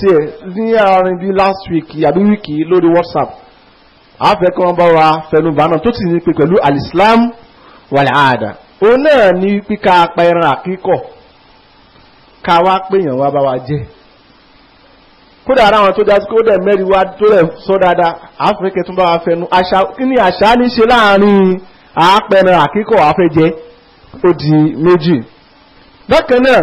post ẹ̀ ní àárín bíi last week àbí week lórí whatsapp àfẹ́ kí wọ́n bá wa fẹnubà náà tó ti ní pé pẹ̀lú alislam wàlẹ̀ àdá òun náà ní píka apá ẹran àkíkọ̀ ká wá péyàn wá bá wa jẹ́ kódà ara àwọn tó dá kó dẹ̀ mẹ́rin wá tó rẹ̀ sọ dáadáa àfẹ́kẹ́ tó bá wa fẹnu àṣà kí ni àṣà ní ṣe láàárín àápẹ̀ẹ̀rẹ̀ àkíkọ̀ àfẹ́jẹ́ ó di méjì bákan náà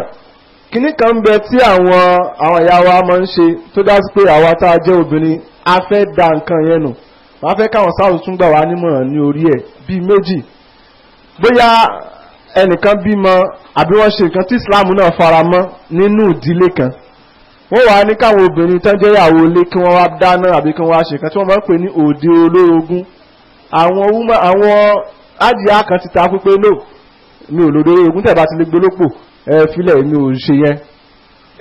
kíní kan ń bẹ tí àwọn àwọn ìyá wa máa ń ṣe tó dá sí pé àwa tá a jẹ́ obìnrin a fẹ́ da nǹkan yẹn nù wàá fẹ́ káwọn sáàlù tún gbà wá nímọ̀ràn ní orí ẹ̀ bíi méjì bóyá ẹnìkan bímọ àbí wọ́n ṣe nǹkan tí Islam náà fara mọ́ nínú ìdílé kan wọ́n wàá ní káwọn obìnrin tán jẹ́ ìyàwó ilé kí wọ́n wá dáná àbí kí wọ́n wá ṣe nǹkan tí wọ́n máa ń pè ní òde olórogún àwọn àwọn ádìyà kan ti ta pípé lò mi ò lòdò olórogún tẹ̀ bá ti lè gbé lópò ẹ filẹ̀ mi ò ṣe yẹn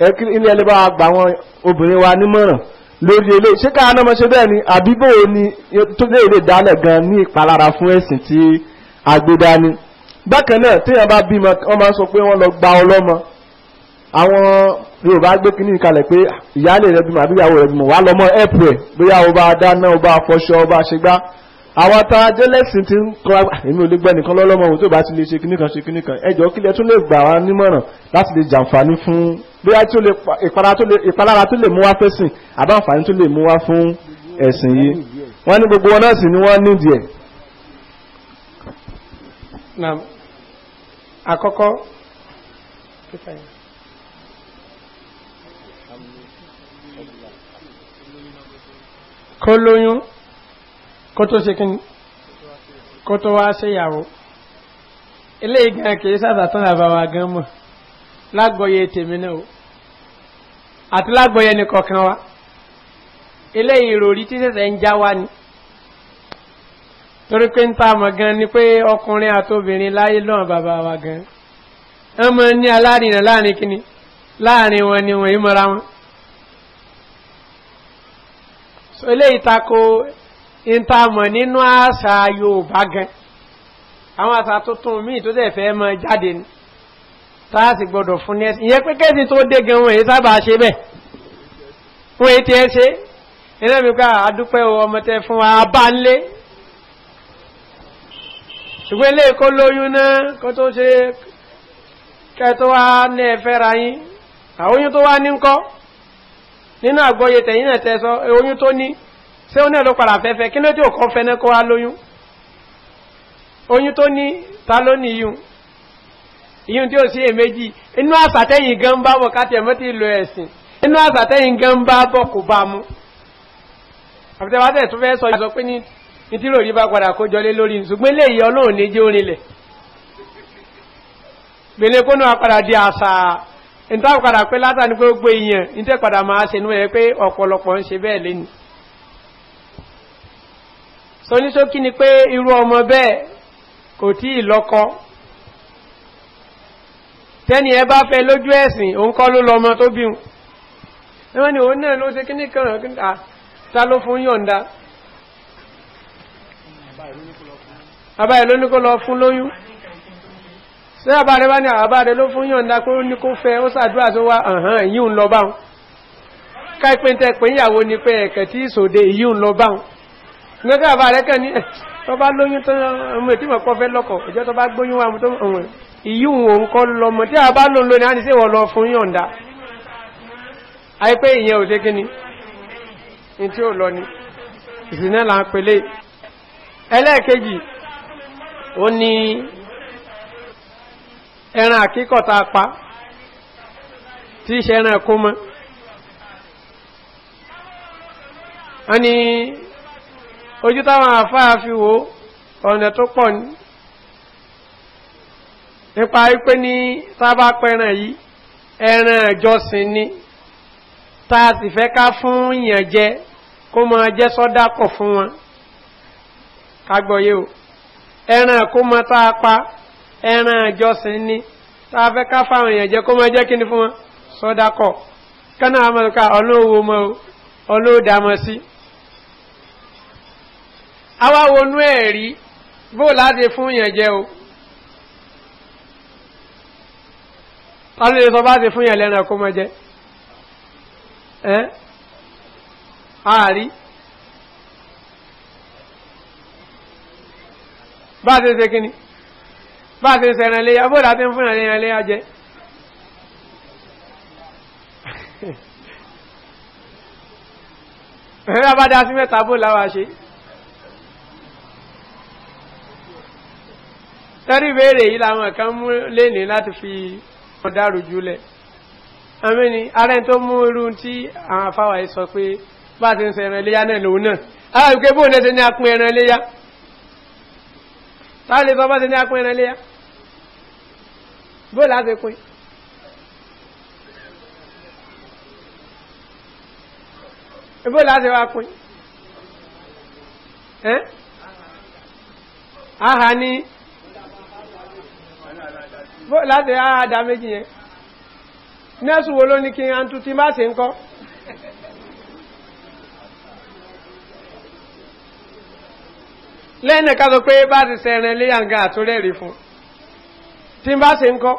ẹ kí ilé ẹlẹ́bà àgbà àwọn obìnrin wa nímọ̀ràn lórí ilé ṣé ká aná mọ́ṣẹ́ bẹ́ẹ̀ ni àbíbò ni tó lè lè dálẹ̀ gan ní ìpalára fún ẹ̀sìn tí agbédání bákan náà téèyàn bá bímọ wọ́n máa sọ pé wọ́n lọ gba ọlọ́mọ àwọn yorùbá gbé kínní kalẹ̀ pé ìyáálé rẹ bímọ àbíyàwó rẹ bímọ wà lọ́mọ ẹ̀pù ẹ̀ bóyá o bá dáná o bá fọṣọ o bá ṣe gbá àwọn tá a jẹ́ lẹ́sìn ti ń kọ́ èmi ò lè gbẹ́ nìkan lọ́lọ́mọ ohun tó bá ti lè ṣe kíní kan ṣe kíní kan ẹjọ́ kílẹ̀ tún lè gbà wá nímọ̀ràn láti lè jàǹfààní fún bóyá tí ó lè ìpalára tó lè mú wá fẹ́sìn àbáǹfààní tó lè mú wá fún ẹ̀sìn yìí wọ́n ní gbogbo wọn náà sì ni wọ́n nídìí ẹ̀. na àkọ́kọ́ kó lóyún kó tó ṣe kíni kó tó wá ṣèyàwó eléyìí gan kìí sàtàtàn àbáwá gan mọ̀ lágbọ̀yé tèmi náà o àti lágbọ̀yé nìkọ̀ọ̀kan wa eléyìí ìròrí tí sẹ̀sẹ̀ ń já wá ni torí pé ń ta àmọ̀ gan ni pé ọkùnrin àtobìnrin láyé lọ́n bàbá wa gan ẹ mọ ní alárìnà láàrin kíni láàrin wọn ni wọn yìí mọra wọn eléyìí tako ìntàmọ̀ nínú àṣà yorùbá gan àwọn àṣà tuntun míì tó dẹ̀ fẹ́ mọ jáde ni táàsì gbọdọ̀ fún nẹ́sì ìyẹn pé kẹ́sì tó dé gan wọ́n èyí sábà ṣe bẹ́ẹ̀ wọ́n èyí tí ẹ ṣe ilé àdúpẹ́ ọmọ fún wa bá ń lé ṣùgbọ́n ilé kó lóyún náà kó tó ṣe kẹ́ wá ní ẹ̀fẹ́ ra yín àwọn oyún tó wá ní ń nínú àgbọ́yé náà tẹ sọ oyún tó ní ṣé ó náà ló padà fẹ́fẹ́ kí ló tí ò kọ́ fẹ́ náà kó wá lóyún oyún tó ní ta ló ní iyún iyún tí ó sí èméjì inú àsàtẹ́yìn gan bá bọ̀ káti ẹ̀mọ́ ti lo ẹ̀sìn inú àsàtẹ́yìn gan bá bọ̀ kò bá mu àfitẹ́wátẹ̀ tó fẹ́ sọ ìsọ pé ní tí lórí bá padà kó jọlé lórí ṣùgbọ́n léyìí ọlọ́run ní jẹ́ orinlẹ̀ gbèlè kónú apadà di àṣà ìtàkùn padà pé látà ní pé ó gbé máa ṣe nú ẹ pé ọ̀pọ̀lọpọ̀ ń so ní sókí ni pé irú ọmọ bẹ́ẹ̀ kò tí ì lọ́kọ́ tẹ́ni ẹ bá fẹ́ lójú ẹ̀sìn òun kọ́ ló lọ́mọ tó bí wọn ni òun náà ló ṣe kíní kan ta ló fún yọ̀ǹda àbá ẹ̀ ló ní kó lọ fún lóyún ṣé àbá rẹ bá ní àbá rẹ ló fún yọ̀ǹda pé ní kó fẹ́ ó ṣàdúrà tó wá àhán èyí ń lọ báwọn káìpé pé ìyàwó ni pé ẹ̀kẹ́ tí ìṣòde èyí ń lọ báwọn gbẹ́gbẹ́ àbá rẹ̀ kàn ní ẹ̀ eh, tó bá lóyún tó ọmọ ètí mọ̀ kọfẹ́ lọ́kọ̀ ìjọ tó bá gbóyún wa mú tó ọ̀wọ̀n ìyíhùn òun kọ́ lọmọ tí a bá lò lónìí á ní sí wọ́n lọ fún yọ̀ǹda àìpé ìyẹn ò kíni tí ó lọ ni ìsìnà là ń pèlè ẹlẹ́ẹ̀kejì ó ní ẹran àkíkọ̀ta pa tí í ẹran ẹ̀kọ́ mọ́ wọ́n ní ojú táwọn àfáà fi wo ọ̀nà tó pọ̀ ní nípa wípé ní sábà pẹran yìí ẹran ìjọsìn ni tá a sì fẹ́ ká fún yàn jẹ kó máa jẹ́ sọ́dá pọ̀ fún wọn kagbọ̀ye o ẹran kó máa tá a pa ẹran ìjọsìn ni tá a fẹ́ ká fáwọn yàn jẹ kó máa jẹ́ kíni fún wọn sọ́dá pọ̀ kánà àmọ́ ká ọlọ́wọ́ mọ́ ọlọ́dàmọ́ sí awa wonú ẹ̀ rí bó láti fún yẹn jẹ́ o ọdún lè sọ bá ti fún yẹn lẹ́nà kó mọ́ jẹ́ ẹ́ àárí bá ti ṣe kíní bá ti ṣe ẹ̀rẹ̀ léyà bó láti fún yẹn léyà jẹ́ ẹ̀rẹ́ abádá sí mẹ́ta bó láwàá ṣe tẹ́rí ìbéèrè yìí làwọn kan mú léèní láti fi wọn dárò jùlẹ̀ àmì ni ara ẹni tó mú irú tí àwọn afáwà yìí sọ pé bá ti ń sọ ẹran iléyá náà lòun náà ara ìpé bóun náà ti ní apin ẹran iléyá táà lè sọ bá ti ní apin ẹran iléyá bóun láti pin bóun láti wá pin ẹ́ aha ni láti àádá ah, méjì yẹn nẹ́sù wo ló ní kí a ń tún ti má se ń kọ́ lẹ́nà ká sọ pé bá ti sẹ̀rẹ̀ lé àǹgá àtúrẹ́ rí fún tí bá se ń kọ́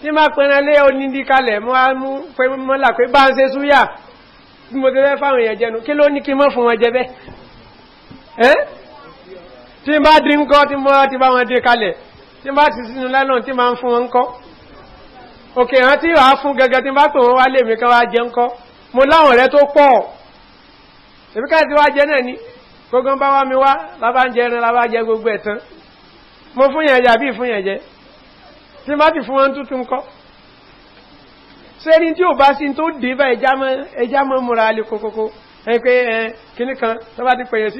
tí má pẹ̀rẹ̀ lé onídíkalẹ̀ mú pé mọ́là pé bá ń se súyà bí mo ti fẹ́ fáwọn èèyàn jẹnu kí ló ní kí mọ́ fún wọn jẹ bẹ́ tí bá dín kọ́ tí mọ́ ti bá wọn dín kalẹ̀ tí bá ti sínú lẹ́lọ́n tí máa ń fún wọn kọ́ òkè hàn tí wàá fún gẹ́gẹ́ tí bá pè wọ́n wá lè mi kan wá jẹ́ ń kọ́ mo láwọn rẹ tó pọ̀ èmi ká ti wá jẹ náà ni gbogbo bá wá mi wá lábá ń jẹ ẹran lábá jẹ gbogbo ẹ̀ tán mo fún yẹn jẹ àbí fún yẹn jẹ tí bá ti fún wọn tuntun kọ́ sẹ́ni tí ò bá sí tó dé bá ẹja mọ́ múra lè kókókó ẹni pé ẹ kíní kan tó bá ti pèyàn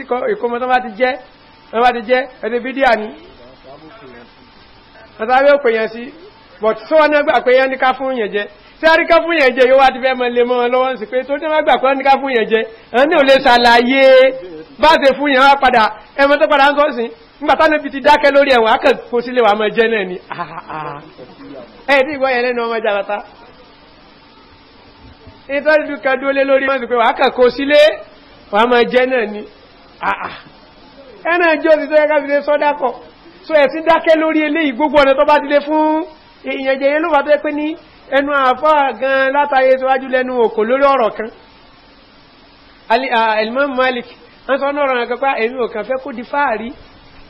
àtàwé òpè yẹn sí but tí wọ́n náà gbà pé yẹn ní ká fún yẹn jẹ tí a rí ká fún yẹn jẹ yóò wá ti fẹ́ mọ lè mọ́ wọn lọ́wọ́ ń sì pé tó ní wọ́n gbà pé wọ́n ní ká fún yẹn jẹ ẹ̀hún ní ò lè ṣàlàyé bá ṣe fún yẹn wá padà ẹ̀mọ́ tó padà ń sọ́ sí nígbà táwọn fi ti dákẹ́ lórí ẹ̀wọ̀n akẹ́kọ̀ọ́ sílé wa mọ jẹ́ náà ni ẹ̀ tí ìgbọ́ yẹn lẹ́nu ọmọ jàbátá ìtọ́jú dúkẹ́ dúólé lórí wọ́n sì pé wà so ẹ̀sìn dákẹ́ lórí eléyìí gbogbo ọ̀nà tó bá dílé fún èèyàn jẹyẹ ló bá tó pé ní ẹnu àfá gan látàyè síwájú lẹ́nu òkò lórí ọ̀rọ̀ kan elmam malik wọ́n sọ náà rọrùn kẹpa èmi ò kàn fẹ́ di fáàrí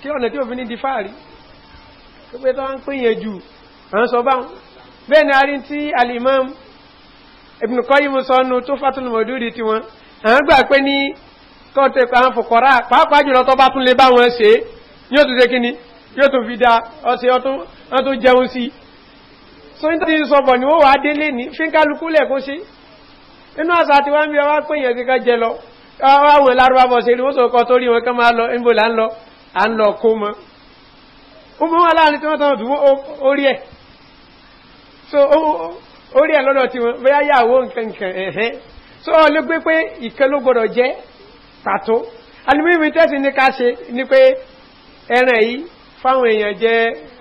kí ọ̀nà tí òfin ní di fáàrí àwọn alimam ibn qayyim sọnù tó fatul mọ̀dúrí tí wọn àwọn gbà pé ní kọ́ọ̀tẹ̀ àwọn fòkọ́rá pàápàá jùlọ tó bá tún lè bá wọn ṣe yóò tún ṣe kí ni yóò tún fi da ọ̀sẹ̀ ọ̀tún tó jẹun sí so ní tàbí sọ̀bọ̀ ni ó wà délé ní fínkálukú lẹ̀kún sí inú àṣà tí wọ́n ń bí ọwá pé èèyàn ti ká jẹ lọ àwọn lárúbá bọ̀ sí ìrìnwó sọ̀kọ́ tó rí wọn kán máa lọ níbo là ń lọ à ń lọ kó mọ́ ó wọn láàrin tí wọ́n tán dùn orí ẹ̀ so orí ẹ̀ lọ́dọ̀ tí wọ́n bóyá yàwó nǹkan ẹ̀hẹ́ so ọ ló gbé pé ìkan ló gbọdọ̀ jẹ́ pàtó alùmíìmí tẹ́sí ní ká ṣe ni pé ẹran yìí fáwọn èèyàn jẹ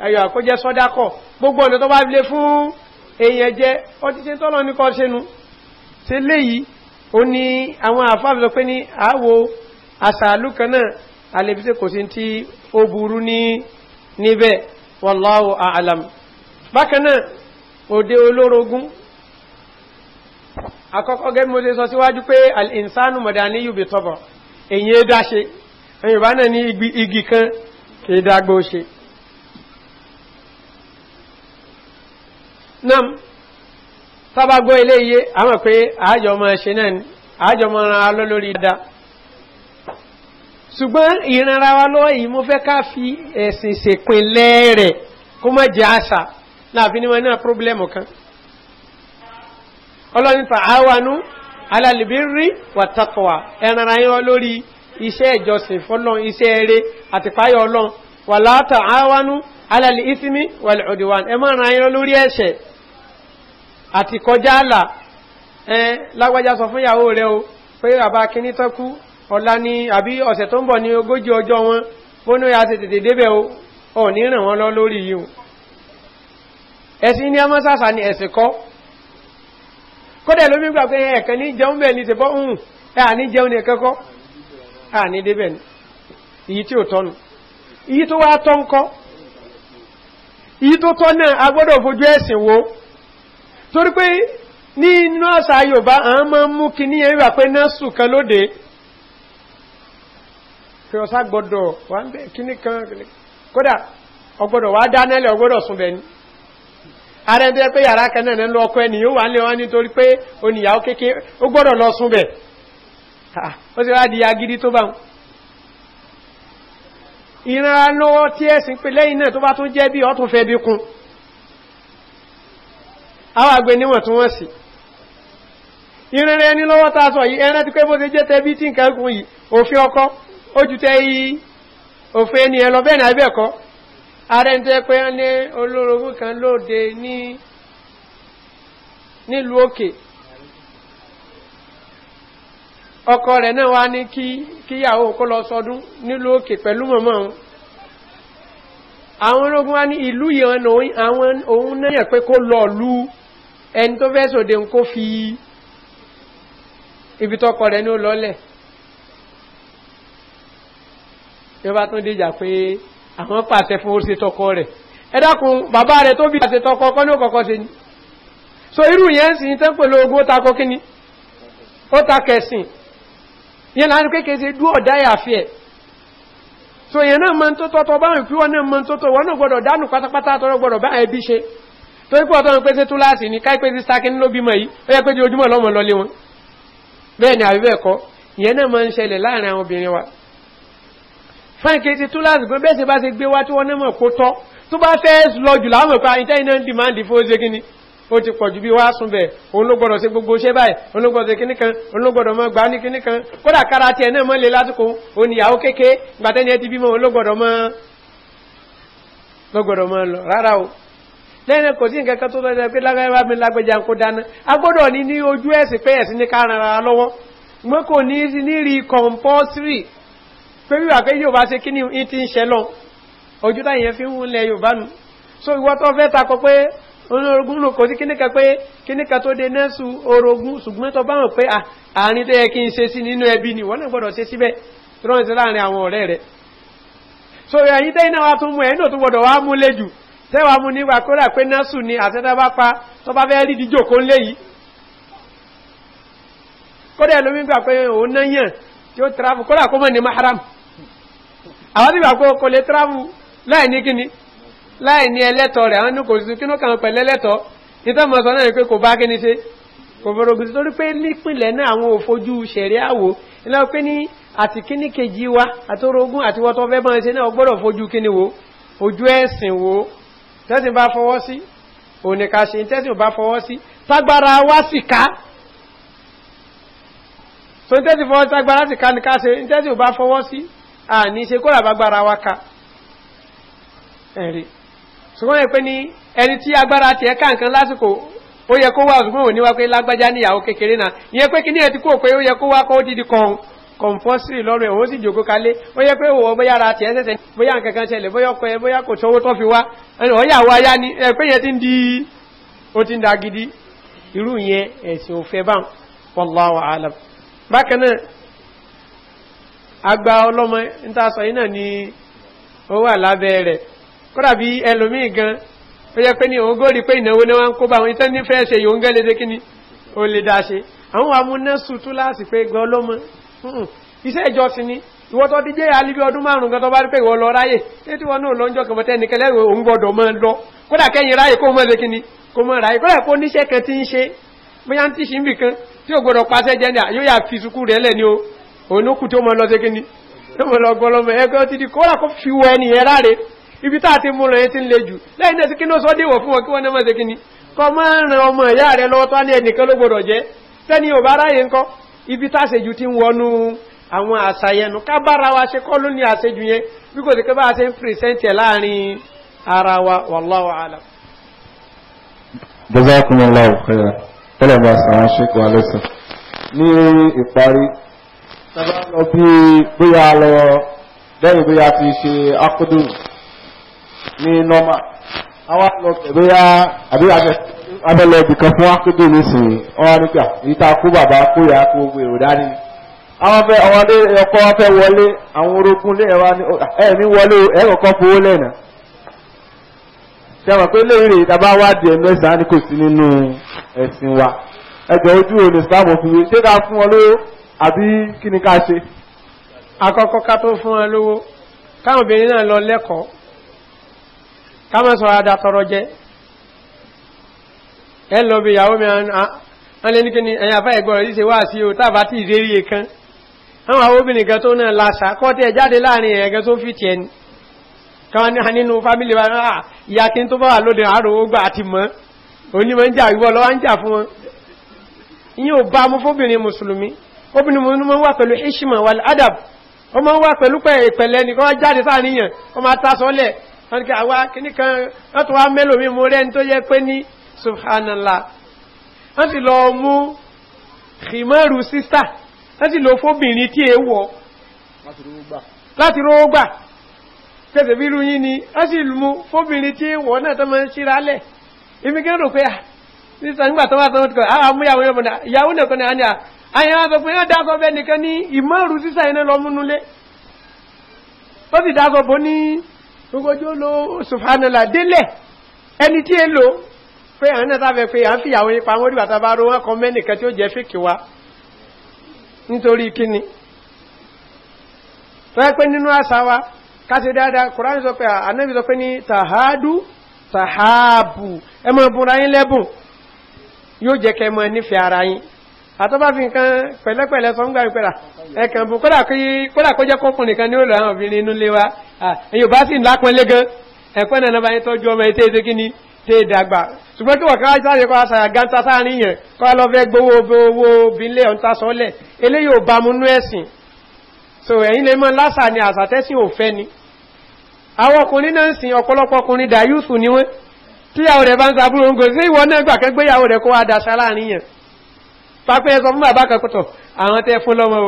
ẹ̀yọ̀ àkójẹ́ sọ́dákọ̀ gbogbo ọ̀nà tó bá lè fún èèyàn jẹ ọtí ṣe tọ́lọ ní kọ́ ṣẹnu ṣe léyìí ó ní àwọn àfáàbẹ̀ pé ní àwo àṣàlù kan náà àlèbíṣe kò sí tí ó burú ní níbẹ̀ wọláwọ àlàm bákan náà òde olórogún àkọ́kọ́ gẹ́gẹ́ igi kan Kedagoshi. Nam, tábàgbọ́ iye a mọ̀ pé àájọ máa ṣe náà ni, àájọ máa ran alọ́ lórí Ṣùgbọ́n ìranra wa lọ́wọ́ yìí mo fẹ́ ká fi ẹ̀sìn ṣèpínlẹ̀ rẹ̀ kó má jẹ́ àṣà láàfin ní wọn náà pírọ́blẹ́mù kan. Ọlọ́run ta lórí iṣẹ́ ìjọsìn fọ́lọ́n iṣẹ́ eré àti páyọ̀ ọlọ́n wà látà áwánú alàlì ìsinmi wà lọ́dìwàn ẹ máa ràn án lórí ẹ̀ṣẹ̀ àti kọjá àlà ẹ lágbájá sọ fún rẹ o pé bàbá kíní tán ọ̀la ni àbí ọ̀sẹ̀ tó ń bọ̀ ní ogójì ọjọ́ wọn bónú ya ti tètè débẹ̀ o ò ní ràn wọ́n lọ lórí yìí ẹ̀sìn ní amọ́sàsà ni ẹ̀sìn kọ́ kódẹ̀ lómi gbà pé ẹ̀ẹ̀kan ní jẹun bẹ́ẹ̀ ní tẹ̀bọ́ ń ẹ̀ àní jẹun nìkan kọ́ àní débẹ̀ ni èyí tí ò tọ́nu èyí tó wá tọ́ ń kọ́ èyí tó tọ́ náà a gbọ́dọ̀ fojú ẹ̀sìn wo torí pé ní inú àṣà yorùbá àwọn máa ń mú kí ní ẹ̀rí wà pé náà sùn kan lóde pé ọ̀sá gbọ́dọ̀ wà ń bẹ̀ kíní kan kódà ọgbọ́dọ̀ wá dánẹ́lẹ̀ ọgbọ́dọ̀ sùn bẹ̀ ni ààrẹ ń bẹ́ pé yàrá kan náà lọ ọkọ ẹnìyàn wà ń lé wọn nítorí pé oníyàwó kékeré ó gbọ́dọ̀ lọ sùn bẹ̀ ó sì wá di agidi tó bá ìran lọ́wọ́ tí ẹ̀sìn pé lẹ́yìn náà tó bá tún jẹ́ bí ọ̀tún fẹ́ bí kún àwọn àgbẹ̀ níwọ̀n tún wọ́n sí ìran rẹ̀ ní lọ́wọ́ tààsọ̀ yìí ẹran ti pé bó ṣe jẹ́ ọkọ rẹ̀ náà wá ní kí kíyàwó kó lọ sọdún nílùú òkè pẹ̀lú mọ̀mọ́ òun àwọn ológun wá ní ìlú yẹn àwọn òun náà pé kó lọ lú ẹni tó fẹ́ sòdè ń kó fi ibi tọkọ rẹ̀ ní ó lọ́lẹ̀ yóò bá tún dìjà pé àwọn pàṣẹ fún oṣù tọkọ rẹ̀ ẹ̀dàkùn bàbá rẹ̀ tó bí pàṣẹ tọkọ ọkọ ní òkọ̀kọ́ sí ni so irú yẹn sì ń tẹ́ pẹ̀lú ogun ó takọ kíni ó takẹ̀sìn yẹn láti kéèkéé ṣe dú ọ̀dá yàfẹ́ ẹ̀ so yẹn náà mọ́ tó tọ́tọ́ bá rìn fíwọ́n náà mọ́ tó tọ́ wọ́n náà gbọ́dọ̀ dánù pátápátá tọ́rọ gbọ́dọ̀ bá ẹbí ṣe tó ń pọ̀ tọ́ ń pèsè túláàsì ní káì pèsè stakin ló bímọ yìí ó yẹ pé di ojúmọ̀ lọ́mọ lọlé wọn bẹ́ẹ̀ ni àbí bẹ́ẹ̀ kọ́ ìyẹn náà máa ń ṣẹlẹ̀ láàrin àwọn obìnrin wa fáìn kì í ti túláàsì pé bẹ́ẹ̀ sì bá ti gbé wá tí wọ́n náà mọ̀ kó tọ́ tó bá fẹ́ lọ jù láwọn mọ̀ ó ti pọ̀jù bí wá sùn bẹ̀ òun ló gbọ́dọ̀ sí gbogbo iṣẹ́ báyìí òun ló gbọ́dọ̀ kan òun ló gbọ́dọ̀ mọ́ gbá ní kíní kan kódà kára tiẹ̀ náà mọ́ lé lásìkò òun ìyàwó kéke gbàtẹ́ni ẹ ti bímọ òun ló gbọ́dọ̀ mọ́ ló gbọ́dọ̀ mọ́ lọ rárá o lẹ́yìn kò sí nǹkan kan tó lọ́dẹ pé lágbàáyé mi lágbèjà ń kó dáná a gbọ́dọ̀ ní ní ojú ẹ̀sìn pé ẹ̀sìn ní ká ran ara lọ́wọ́ mọ́ kò ní ní rí compulsory pé wíwà pé yóò ṣe kí ni ti ń ṣẹlọ ojú táyẹn fi ń hun yorùbá nu so ìwọ́ tó fẹ́ takọ pé olórogún ló kò sí kíníkà pé kíníkà tó dé nẹ́sù orogún ṣùgbọ́n tó bá wọn pé àárín tó yẹ kí n ṣe sí nínú ẹbí ni wọ́n náà gbọ́dọ̀ ṣe síbẹ̀ tó rán sí láàrin àwọn ọ̀rẹ́ rẹ̀ so ẹ̀yìn tẹ́yìn náà wá tún mú ẹ̀ náà tó gbọ́dọ̀ wá mú lé jù tẹ́wàá mú ní wàkúrà pé nẹ́sù ni àtẹ́tẹ́ bá pa tó bá fẹ́ rí di jòkó ńlé yìí kódà ẹlòmí gbà pé òun náà yàn láì ní ẹlẹ́tọ̀ rẹ̀ àwọn oníkò tuntun kí ló kàn pẹ̀lú ẹlẹ́tọ̀ nítorí mọ̀ sọ náà ni pé kò bá kíni ṣe kò fọ́rọ̀ gbèsè torí pé nípìnlẹ̀ náà àwọn òfojú ṣẹ̀rí àwò iná pé ní àti kíní kejì wa àtòrógún àti wọ́tọ́ fẹ́ bọ́n ṣe náà gbọ́dọ̀ fojú kíní wo ojú ẹ̀sìn wo tẹ́sìn bá fọwọ́ sí òníkà ṣe tẹ́sìn bá fọwọ́ sí tágbára wá sì ká so tẹ́sìn fọwọ́ sí tágbára sì ká ní ká ṣe tẹ́sìn bá fọwọ́ sí àní ṣe kó làbágbára wá ká ẹ̀rí ṣùgbọ́n yẹ pé ní ẹni tí agbára ti ẹ̀ka nǹkan lásìkò ó yẹ kó wá ṣùgbọ́n òní wá pé lágbájá níyàwó kékeré náà ìyẹn pé kí ní ẹ̀tí kò pé ó yẹ kó wá kó dídí kan kọ̀ǹfọ́sì lọ́rùn ẹ̀ ó sì jòkó kalé ó yẹ pé ya bóyá ara tiẹ̀ bóyá nǹkan kan ṣẹlẹ̀ bóyá ẹ bóyá kò tó fi wá ni ẹ pé yẹn ti ń di ó ti ń da gidi irú yẹn ẹ̀sìn agba ọlọ́mọ sọ kọ́dà bí ẹlòmíì gan ó yẹ pé ní òun góòrí pé ìnáwó náà ń kó bá àwọn ìtàn nífẹ̀ẹ́ ṣe yóò ń gẹ́lẹ́ dé kíní ó lè dá ṣe àwọn amúnásù tún láti pé gan lọ́mọ hmm. iṣẹ́ ìjọsìn ni ìwọ́ tó díjé alíbí ọdún márùn gan tó bá rí pé ìwọ lọ ráyè tí tí wọn náà lọ́njọ́ kan bọ́tẹ́ nìkan lẹ́rù òun gbọ́dọ̀ mọ́ lọ kódà kẹ́yìn ráyè kó mọ́ lé kíní kó mọ́ ráyè kódà kó níṣẹ́ kan ti ń ṣe bóyá ń tíṣì ń bì kan tí ò gbọ́dọ̀ pàṣẹ jẹ́ ní yóò yà fi sukú rẹ̀ lẹ̀ ni o òun ó kù tí ó mọ́ lọ sí kíní tó mọ́ lọ gbọ́ lọ́mọ ẹgbẹ́ ó ti di kó ibi tá ti mú lọ́yẹ́ tí ń le jù lẹ́yìn náà sí kí ní ó sọ déwọ̀ fún wọn kí wọ́n náà mọ́ sí kí ni kọ mọ́ ràn ọmọ ìyá rẹ lọ́wọ́ tó ní ẹnìkan ló gbọ́dọ̀ jẹ́ tẹ́ni ò bá ráyè ńkọ́ ibi tá àṣejù ti ń wọnú àwọn àṣàyẹnu ká bára wa ṣe kọ́ ló ní àṣejù yẹn bí kò sí pé bá a ṣe ń pìrìsẹ́ǹtì ẹ̀ láàrin ara wa wàláwà àlà. jazakumullahu bá sàwọn ṣèkò alẹ́sàn ní lẹ́yìn bóyá ti ṣe akúdùn ní nọ́mà àwa lọ tẹ̀lé ya, àbí abẹ́lẹ̀ ibìkan fún akéde nísìnyí ọ̀hún nígbà èyí tá a kó bàbá kó yà kó gbogbo èrò dání. àwọn fẹ́ àwọn adé ọkọ wa fẹ́ wọlé àwọn orogún lé ẹ̀wà ní ẹ̀mí wọlé ẹ̀ kọ̀ọ̀kan fowó lẹ́nà. ṣé àwọn pé léèrè ìtàbá wá di ẹ̀ mẹ́sàn ni kò sí nínú ẹ̀sìn wa ẹgbẹ̀ ojú òní sáàmù fi wé ṣé ká fún wọn lówó àbí kí ni ká ṣe. àkọ́kọ́ ká tó fún wọn lówó káwọn obìnrin náà lọ lẹ́kọ̀ọ́ kámọ́ sọ̀rọ̀ adátọrọ jẹ́ ẹ lọ bí ìyàwó mi wọ́n lé ní kí ni ẹ̀yà fẹ́ ẹ̀gbọ́n rẹ̀ ṣe wá sí o tábà tí ìrírí kan àwọn àwọn obìnrin kan tó náà lásà kọ́ jáde láàrin ẹ̀gẹ́ tó fi tiẹ̀ ni káwọn nínú fámìlì wa ìyá kí n tó bá wà lóde àròwó gbà àti mọ́ onímọ̀ ń jà ìwọ lọ́wọ́ ń adab ó máa ń wà pẹ̀lú pẹ̀lẹ́ nìkan wá jáde wọ́n kí àwa kìnnìkan wọ́n tó wá mẹ́lòmí mú rẹ́ni tó yẹ pé ní subhanallah wọ́n sì lọ mú himaru sista wọ́n sì lọ fóbìnrin tí è wọ́ láti rówó gbà pẹ̀sẹ̀ bí ruyin ni wọ́n sì mú fóbìnrin tí wọ́ náà tó máa ń ṣíra lẹ̀ èmi kí ló rò pé sísá nígbà tó wà tó ti kọ̀ àwọn amúyàwó yọ̀bọ̀n ìyàwó nìkan ni a à àyàn wọn sọ pé yóò dákọ̀ bẹ́ẹ̀ nìkan ní ìmọ̀rù sísá iná lọ múnulẹ̀ ó sì dákọ̀ bó ní ogójú ló sùfánàlà délẹ̀ ẹni tí ẹ lò pé àwọn náà tàbí pé à ń fìyàwó yín pa àwọn orí bàtà bá ro wọn kan mẹ́nìkan tí ó jẹ́ fíkì wa nítorí kíni tó yẹ pé nínú àṣà wa káṣí dáadáa kúrán sọ pé ànábì sọ pé ní tàhádù tàhábù ẹ mọ̀ bùrọ̀ yín lẹ́bùn yóò jẹ́ kẹ́ mọ́ ẹ nífẹ̀ẹ́ ara yín. àtọ́bá fi nǹkan pẹ̀lẹ́pẹ̀lẹ́ sọ ń gbà ìpẹ́ra ẹ̀kàn bù kódà kó jẹ́ kókùnrin kan ní ó lọ àwọn obìnrin inú lé wa èyí ò bá sì lápẹ́lẹ́ gan ẹ̀pẹ́ náà náà bá yẹn tọ́jú ọmọ ètè ètè kíní tè dàgbà ṣùgbọ́n kí wọ́n ká sáré kọ́ àṣàyà gántà sáárín yẹn kọ́ lọ fẹ́ gbowó owó obìnrin ọ̀ntà sọ́lẹ̀ eléyìí ò bá mu so ẹ̀yìn lè mọ́ lásà ni àṣàtẹ́sìn ò fẹ́ ni àwọn ọkùnrin náà ni wọ́n tíyàwó rẹ̀ bá ń sàbúrò ń gò sí ìwọ náà gbà kẹ́gbéyàwó rẹ̀ pápẹ́ ẹsọ fún bàbá kan pọ̀tọ̀ àwọn tẹ́ fún lọ́mọ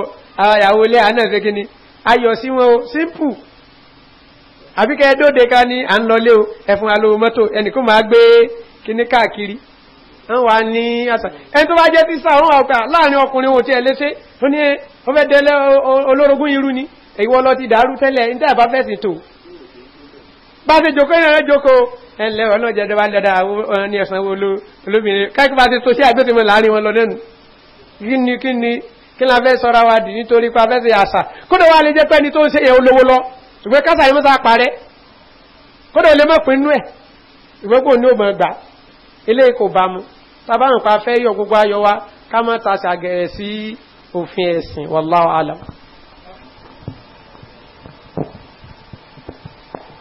àyàwó ilé àánà ṣe kíní ayọ̀ sí wọn o simple àbíkẹ́ ẹdóde ká ní à ń lọlé o ẹfún alówó mọ́tò ẹnìkú máa gbé kíní káàkiri wọ́n wá ní àṣà ẹni tó bá jẹ́ tíṣà wọ́n wà pé láàrin ọkùnrin òun ti ẹ̀ léṣe ó ní ó fẹ́ délé olórogún irú ni ìwọ lọ ti dàrú tẹ́lẹ̀ ní tẹ́ẹ̀bá fẹ́sìn tó bá ti jòkó ìrìnàrẹ́ jòkó ẹ̀lẹ́ ọ̀nà jẹ́dọ́bá dáadáa ní ẹ̀sán olóbìnrin káàkiri bá ti tó sí àgbẹ́sìmọ̀ láàrin wọn lọ lẹ́nu yí ni kí ni kí la fẹ́ sọ́ra wa dì nítorí pa fẹ́ sí àṣà kódò wà lè jẹ́ pẹ́ni tó ń ṣe èyàn olówó lọ ṣùgbọ́n kásà yìí mọ́ta parẹ́ kódò lè mọ́ pinnu ẹ̀ ìgbẹ́gbò ní òmọ̀ gbà ilé kò bá mu bàbá nǹkan afẹ́ yọ gbogbo ayọ̀ wa ká mọ́ ta ṣàgẹ̀rẹ̀ sí òfin ẹ̀sìn wàláwà àlà.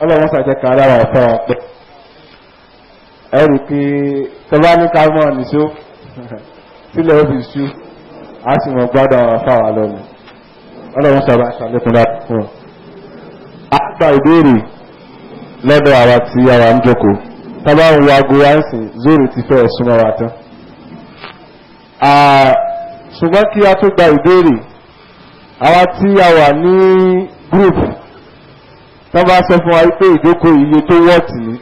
ọlọ́run ṣàjẹ́ kan lára ọ̀fẹ́ ọ̀pẹ́ ẹ̀rù kí tọ́lá ní ká mọ̀ nìṣó sílẹ̀ ó fi ṣú a sì mọ̀ gbádùn àwọn afáwà lọ́nà ọlọ́run sábà ṣàlékún láti fún ọ. a gba ìbéèrè lọ́dọ̀ àwa tí àwa ń jókòó tábà ń wo aago wáǹsì zoro ti fẹ́ súnmọ́ wa tán. ṣùgbọ́n kí a tó gba ìbéèrè àwa tí a wà ní group tán bá sọ fún wa pé ìjókòó iye tó wọ́ọ̀tì ni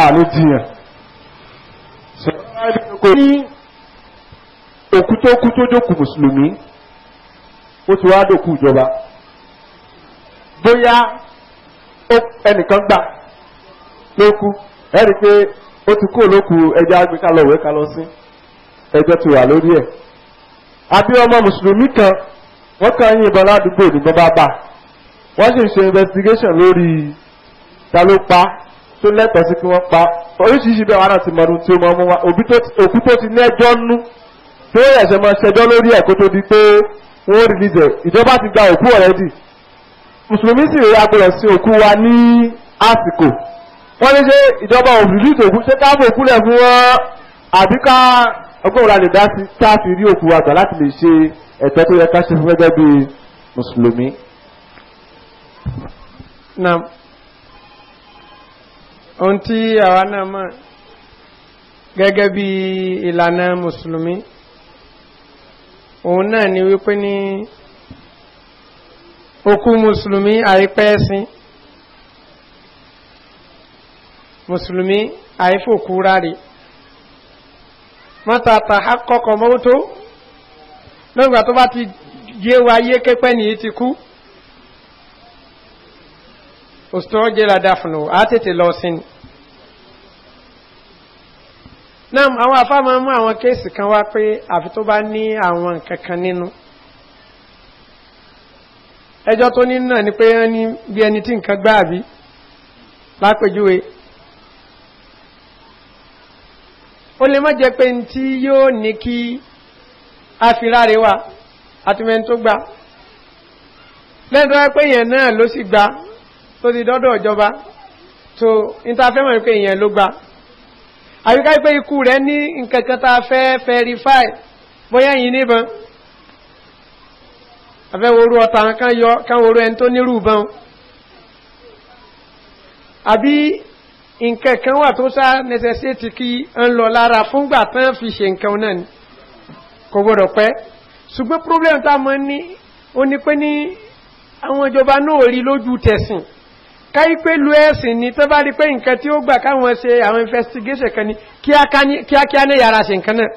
a ní jiyàn. ṣùgbọ́n a ní òkú tó kú tó jókòó mùsùlùmí ó ti wá dòkú ìjọba bóyá ẹnìkan gbà ló kú ẹ rí i pé ó ti kú olóku ẹja agbékalọ òwe kalọ sí ẹjọ́ ti wà lórí ẹ̀ àbí ọmọ mùsùlùmí kan wọ́n kàn yìnbọn ládùúgbò nìkan bá bà wọ́n sì ń ṣe investigation lórí ta ló pa tó lẹ́tọ̀ọ́ sí kí wọ́n pa oríṣiríṣi bẹ́ẹ̀ wọn náà ti mọ tí ó mọ ọmọ wa òkú tó ti ní ẹjọ́ nú tó ẹ̀sẹ̀ máa ṣẹjọ́ lórí ẹ̀ tó di pé wọ́n rìlíìsì ẹ̀ ìjọba ti gba òkú ọ̀rẹ́dì mùsùlùmí sì rí agbọ̀rọ̀ sí òkú wa ní àsìkò wọ́n ní ṣe ìjọba òrìlíìsì òkú ṣé ká fòkú lẹ̀ fún wọn àbí ká ọgọ́rùn-ún alẹ́ dá sí ká fi rí òkú wa gbà láti lè ṣe ẹ̀tọ́ tó yẹ ká ṣe fún gẹ́gẹ́ bí mùsùlùmí. Naam ohun tí àwa náà mọ̀ gẹ́gẹ́ bí ìlànà mùsùlùmí òun náà ni wípé ní okú mùsùlùmí àìpẹ́ ẹ̀sìn mùsùlùmí àìfòkú ráre mọ́tàtà akọ́kọ̀ mọ́wótó lọ́gbà tó bá ti yé wa yé kẹ́pẹ́ nìyí ti kú òsùtọ́ jẹ́ ládàá fún lọ sí ni náà àwọn afá máa mú àwọn kéèsì kan wá pé àfi tó bá ní àwọn nǹkan kan nínú ẹjọ́ tó ní náà ni pé wọ́n ní bí ẹni tí nǹkan gbá àbí lápèjúwe ó lè má jẹ́ pé ní tí yóò ní kí afiláre wà àtìmẹ́ni tó gbà lẹ́yìn tó wá pé èèyàn náà ló sì gbà tó ti dọ́dọ̀ ìjọba tó ní ta fẹ́ràn pé èèyàn ló gbà àríká pé ikú rẹ̀ ní nkankan tá a fẹ́ fẹ́rifáì bóyá yìí níbọn afẹ́wòrú ọ̀tà kan yọ káwòrú ẹni tó nírú ìbọn àbí nkankan wà tó sá nẹsẹsẹ́tì kí ń lọ lára fúngbà tán fi ṣe nkan náà ni kò gbọdọ̀ pẹ́ ṣùgbọ́n problem tá a mọ́ ní ó ní pé ní àwọn ìjọba náà rí lójú tẹ̀sìn káyí pé lu ẹ̀sìn ni tó bá rí pé nǹkan tí ó gbà káwọn ṣe àwọn investigation kan ní kíákíá ní yàrá ṣe nǹkan náà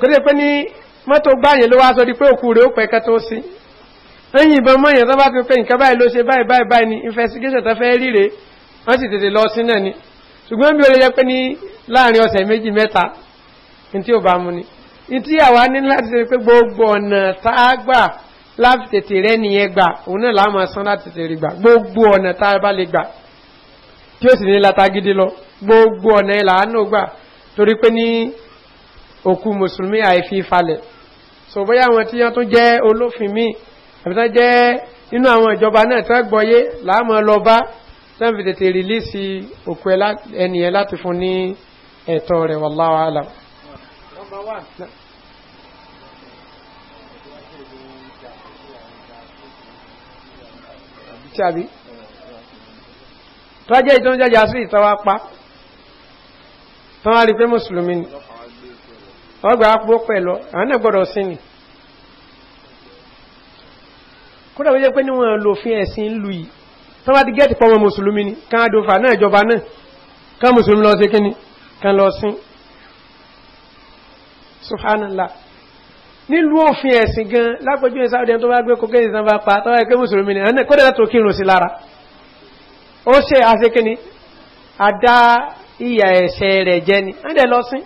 kódé pé ní mọ́tò gbáyìn ló wá sọ di pé òkú rẹ̀ ó pẹ́ kẹ́ tó sí ẹ̀yìn ìbọn mọ́yàn tó bá ti pé nǹkan báyìí ló ṣe báyìí báyìí báyìí ni investigation tó fẹ́ ríre wọ́n sì tètè lọ sí náà ni ṣùgbọ́n bí ó lè yẹ pé ní láàrin ọ̀sẹ̀ méjì mẹ́ta ní tí ò bá mu ni ní tí àwa ní láti ṣe pé gbogbo ọ̀nà tá a gbà láti tètè rẹ nìyẹn gbà òun náà láàmú asán láti tètè rí gbà gbogbo ọ̀nà tá a bá lè gbà tí ó sì ní latagídí lọ gbogbo ọ̀nà ẹ̀ làánú gbà torí pé ní òkú mùsùlùmí àìfi falẹ̀ so bóyá àwọn tí wọ́n tún jẹ́ olófin míì àbí tán jẹ́ nínú àwọn ìjọba náà tán gbọ́yé láàmú lọ bá tán fi tètè rìlíìsì òkú ẹnìyẹn láti fún ní ẹ̀tọ́ rẹ̀ wàláwàá number one. tí àbí tọ́jẹ́ ìtọ́ jẹ́ jásí ìtọ́wá pa tán á rí pé mùsùlùmí ni wọ́n gbà á pọ̀ pẹ̀lọ àwọn náà gbọ́dọ̀ sí ni kódà wọ́n jẹ́ pé níwọ̀n lòfin ẹ̀sìn lù yìí tán bá ti gẹ́ẹ̀tì pọ̀ wọn mùsùlùmí ni kan adòfà náà ìjọba náà kan mùsùlùmí lọ sí kíni kan lọ sí subhanallah nílùú òfin ẹ̀sìn gan lápẹjú ní sáwọ́dẹ̀ tó bá gbé kókè ìsan bá pa tọ́wọ́ ẹgbẹ́ mùsùlùmí ni ẹ̀nà kódẹ̀ látò kírun sí lára ó ṣe àṣekíní àdá ìyà ẹ̀ṣẹ̀ rẹ̀ jẹ́ ni ẹ̀ndẹ̀ lọ sí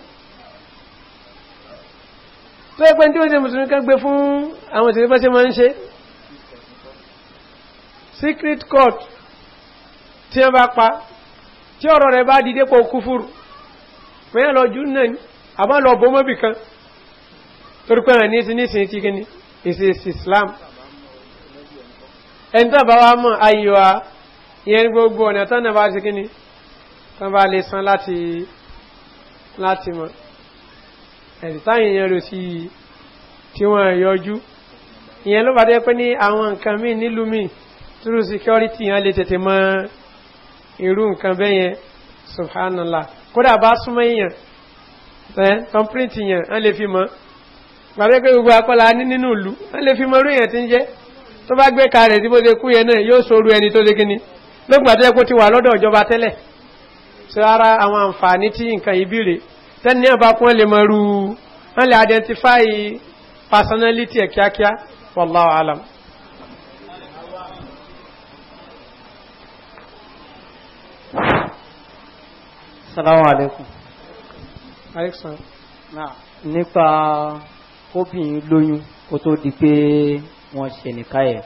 tó ẹgbẹ́ tí ó ṣe mùsùlùmí kan gbé fún àwọn òṣèré bá ṣe máa ń ṣe secret court tí wọ́n bá pa tí ọ̀rọ̀ rẹ̀ bá dìde pọ̀ kúfúrú pẹ̀yẹ́ lọ jù náà àbá lọ bọ́ mọ́bì kan torí pé rẹ̀ nísìn nísìn tí kí ni islam ẹni tán bá wá mọ̀ ayé wa ìyẹn gbogbo ọ̀nà tán náà bá ti kí ni tán bá lè san láti láti mọ̀ ẹ̀sìn táyìn yẹn lò sí tí wọ́n yọjú ìyẹn ló bá pé ní àwọn nǹkan míì nílùú míì through security yẹn lè tètè mọ irú nǹkan bẹ́ẹ̀ yẹn subhanallah kódà bá súnmọ́ yẹn tán píríǹtì yẹn á lè fi mọ́ gbàgbé pé gbogbo akọ́la ní nínú ìlú wọ́n lè fi mọ́rú èèyàn tí ń jẹ́ tó bá gbé ka rẹ̀ tí bó ṣe kú yẹn náà yóò sóru ẹni tó ṣe kíni lóògbà tó yẹ kó ti wà lọ́dọ̀ ìjọba tẹ́lẹ̀ ṣe ara àwọn àǹfààní tí nǹkan yìí bìrè tẹ́ni náà bá kún lè mọ́rú wọ́n lè identify personality ẹ̀ kíákíá wallahu alam. salamu alaikum. nípa kóbìnrin lóyún kó tó di pé wọ́n ṣe nìkan yẹn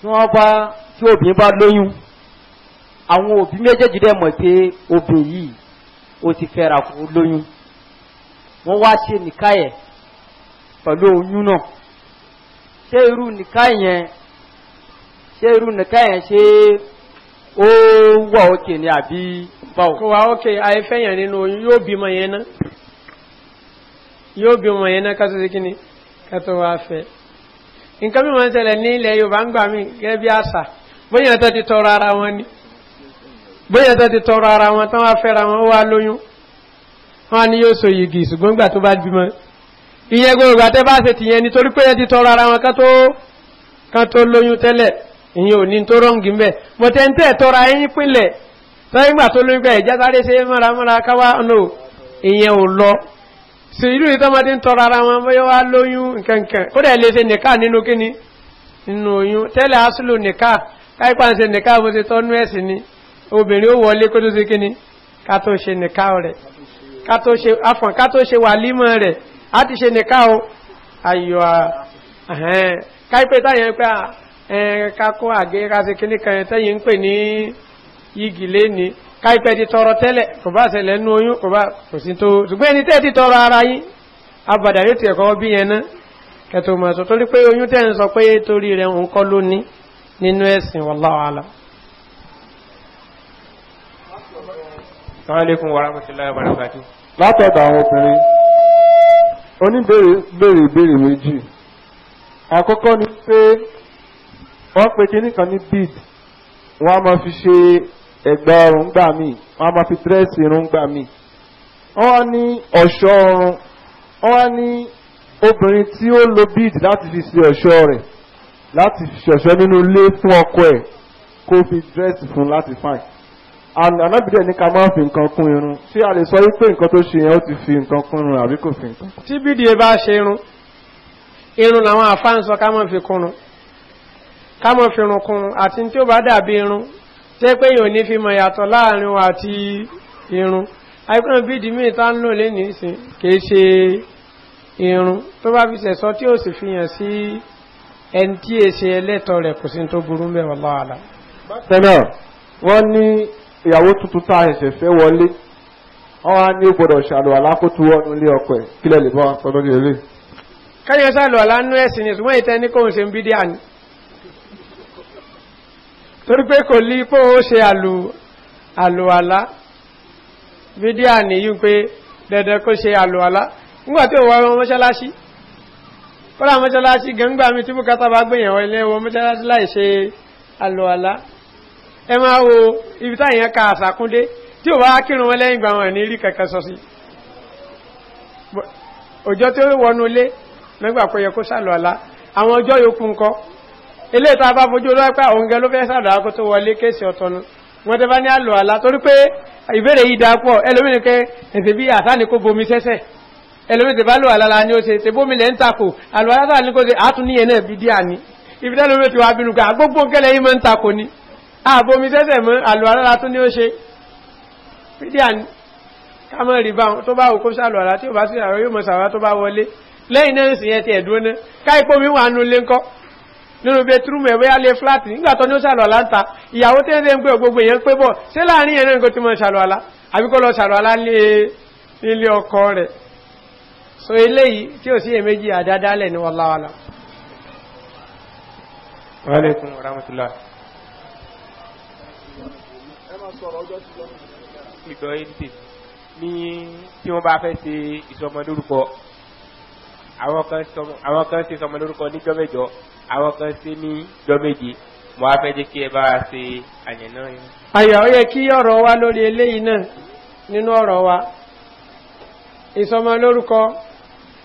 tí wọ́n bá tí obìnrin bá lóyún àwọn òbí méjèèjì dẹ̀ mọ̀ pé obìnrin yìí ó ti fẹ́ra kó lóyún wọ́n wá ṣe nìkan yẹn pẹ̀lú oyún náà ṣé irú nìkan yẹn ṣé irú nìkan yẹn ṣé ó wà òkè ni àbí báwo. kò wá òkè àìfẹ́yàn nínú oyún yóò bímọ yẹn náà yóò bí wọn yẹn náà ká tó ṣe kíni ká tó wá fẹ́ nǹkan mímọ̀ ń tẹ̀lẹ̀ ní ilẹ̀ yorùbá ń gbà mí gẹ́gẹ́ bí àṣà bóyá tó ti tọrọ ara wọn ni bóyá tó ti tọrọ ara wọn tán wá fẹ́ra wọn ó wá lóyún wọn ni yóò so yìgì ṣùgbọ́n gbà tó bá bímọ ìyẹn gbogbo àtẹ bá ṣe tìyẹn nítorí pé ẹ ti tọrọ ara wọn kan tó lóyún tẹ́lẹ̀ ìyẹn ò ní tó rọ́ǹgì mbẹ́ mọ̀tẹ́ntẹ́ tọrọ ayé pínlẹ̀ tọ́yìngbà tó lóyún pé ẹ̀jẹ̀ sáré ṣe mọ́ra mọ́ra káwá ọ̀nà se ìlú ìtọ́mọdé ń tọrọ ara wọn bóyá wá lóyún nkankan ó dẹ̀ lè ṣe nìká nínú kíní nínú oyún tẹ́lẹ̀ asúlù nìká káìpá ń ṣe nìká bó ṣe tọ́nú ẹ̀sìn ni obìnrin ó wọlé kó tó ṣe kíní ká tó ṣe nìká rẹ̀ ká tó ṣe afọ̀n ká tó ṣe wà límọ̀ rẹ̀ á ti ṣe o ayọ̀ káìpẹ́ ti tọrọ tẹ́lẹ̀ kò bá ṣẹlẹ̀ nú oyún kò bá kò sí tó ṣùgbọ́n ẹni tẹ́ ti tọrọ ara yín abàdà yóò ti ẹ̀kọ́ bí yẹn náà kẹtò mọ̀ sọ torí pé oyún tẹ́ ń sọ pé torí rẹ̀ ń kọ́ lónìí nínú ẹ̀sìn wàláwàlá. látọ̀dọ̀ àwọn obìnrin oníbèrè béèrè ìbéèrè méjì àkọ́kọ́ ni pé wọ́n pe kinní kan ní bid wọ́n á máa fi ṣe ẹ̀gbà ọrùn gbà mí wọ́n á máa fi dírẹ́sì irun gbà mí. wọ́n ní ọ̀ṣọ́ ọrùn wọ́n ní obìnrin tí ó lo bead láti fi ṣe ọ̀ṣọ́ rẹ̀ láti fi ṣọ̀ṣọ́ nínú ilé fún ọkọ ẹ̀ kó fi dírẹ́sì fún láti fine. ànábìdẹ̀ ní ká máa fi nǹkan kún irun ṣé a lè sọ wípé nǹkan tó ṣe yẹn ó ti fi nǹkan kún irun àbí kò fi nǹkan. tí bídìí bá ṣe irun irun làwọn àfáà sọ ká máa fi kúnrun ká máa fi irun kúnrun àti tí ó bá dàbí irun tẹ́ pé yìí ò ní fi mọ̀ yàtọ̀ láàrin wa àti irun àìkúrò bí ìdí míì tá ń lò lẹ́nu ìsìn kìí ṣe irun tó bá fi sẹ̀sọ́ tí ó sì fihàn sí ẹni tí è ṣe ẹlẹ́tọ̀ rẹ̀ kò sí tó burú mẹ́wàá lọ́wọ́lá. tẹ́lẹ̀ wọ́n ní ìyàwó tuntun tá a ṣẹ̀ṣẹ̀ fẹ́ wọlé wọ́n wá ní gbọ́dọ̀ ṣàlù alákòótú wọnú ilé ọkọ̀ ẹ̀ kílẹ̀ lè bá wọn sọ lórí torí pé kò lí pé ó ṣe àlùwàlá fídíà nìyí pé dandan kó ṣe àlùwàlá nígbà tí òun wá wọn mọ́ṣáláṣí kọ́lá mọ́ṣáláṣí gẹ̀ǹgbà mi tí bùkátà bá gbìyànwọ́ ilé wọn mọ́ṣáláṣí láì ṣe àlùwàlá ẹ máa wo ibi táyẹn ka àsàkúndé tí ò bá kírun wọn lẹ́yìn gbà wọn ní rí kẹ̀kẹ́ sọ sí òjò tó wọnú ilé mẹ́gbà kó yẹ kó sàlùwàlá àwọn ọjọ́ yòókù ńkọ́ ilé ìta bá fojú olóòpá òǹgẹ ló fẹ́ sàdá kó tó wọlé kéèsì ọ̀tọ̀nu wọ́n tẹ́ bá ní àlò àlá torí pé ìbéèrè yìí dápọ̀ ẹlòmínì kẹ́ bí àtàní kó bomi sẹ́sẹ̀ ẹlòmínì tẹ́ bá lò àlá la ni ó ṣe tẹ́ bómi ni ibi tẹ́ lómi ti wá bínú ká gbogbo kẹ́lẹ́ yìí máa ń takò ni àbomi ni ká mọ̀ rí báwọn tó bá wò kó sàlò àlá tí ò bá sí àrò yóò mọ̀ sàrà tó bá wọlé lẹ́yìn náà sì yẹn ti ẹ̀dúró náà mi wà nulẹ̀ ńkọ́ nínú bẹtúrúmù ẹ̀wẹ́ alẹ́ fúláàtì nígbàtọ́ ní ó ṣàlọ́lá ń ta ìyàwó tẹ́lẹ̀ ń pẹ́ gbogbo èèyàn pé bọ̀ ṣé láàrin ẹ̀rẹ́ nǹkan tí mo ṣàlọ́lá àbíkọ́ lọ ṣàlọ́lá nílé ọkọ rẹ̀ so eléyìí tí ò sí èméjì àdádálẹ̀ ní wọláwàlá ní tí wọ́n bá fẹ́ ṣe ìsọmọlórúkọ àwọn kan ṣe ìsọmọlórúkọ níjọ́ mẹ́jọ àwọn kan sí ní jọ́méje mo wá fẹ́ jẹ́ kí ẹ bá wa ṣe àyànná yẹn. àyà ó yẹ kí ọ̀rọ̀ wa lórí eléyìí náà nínú ọ̀rọ̀ wa ìsọmọ lórúkọ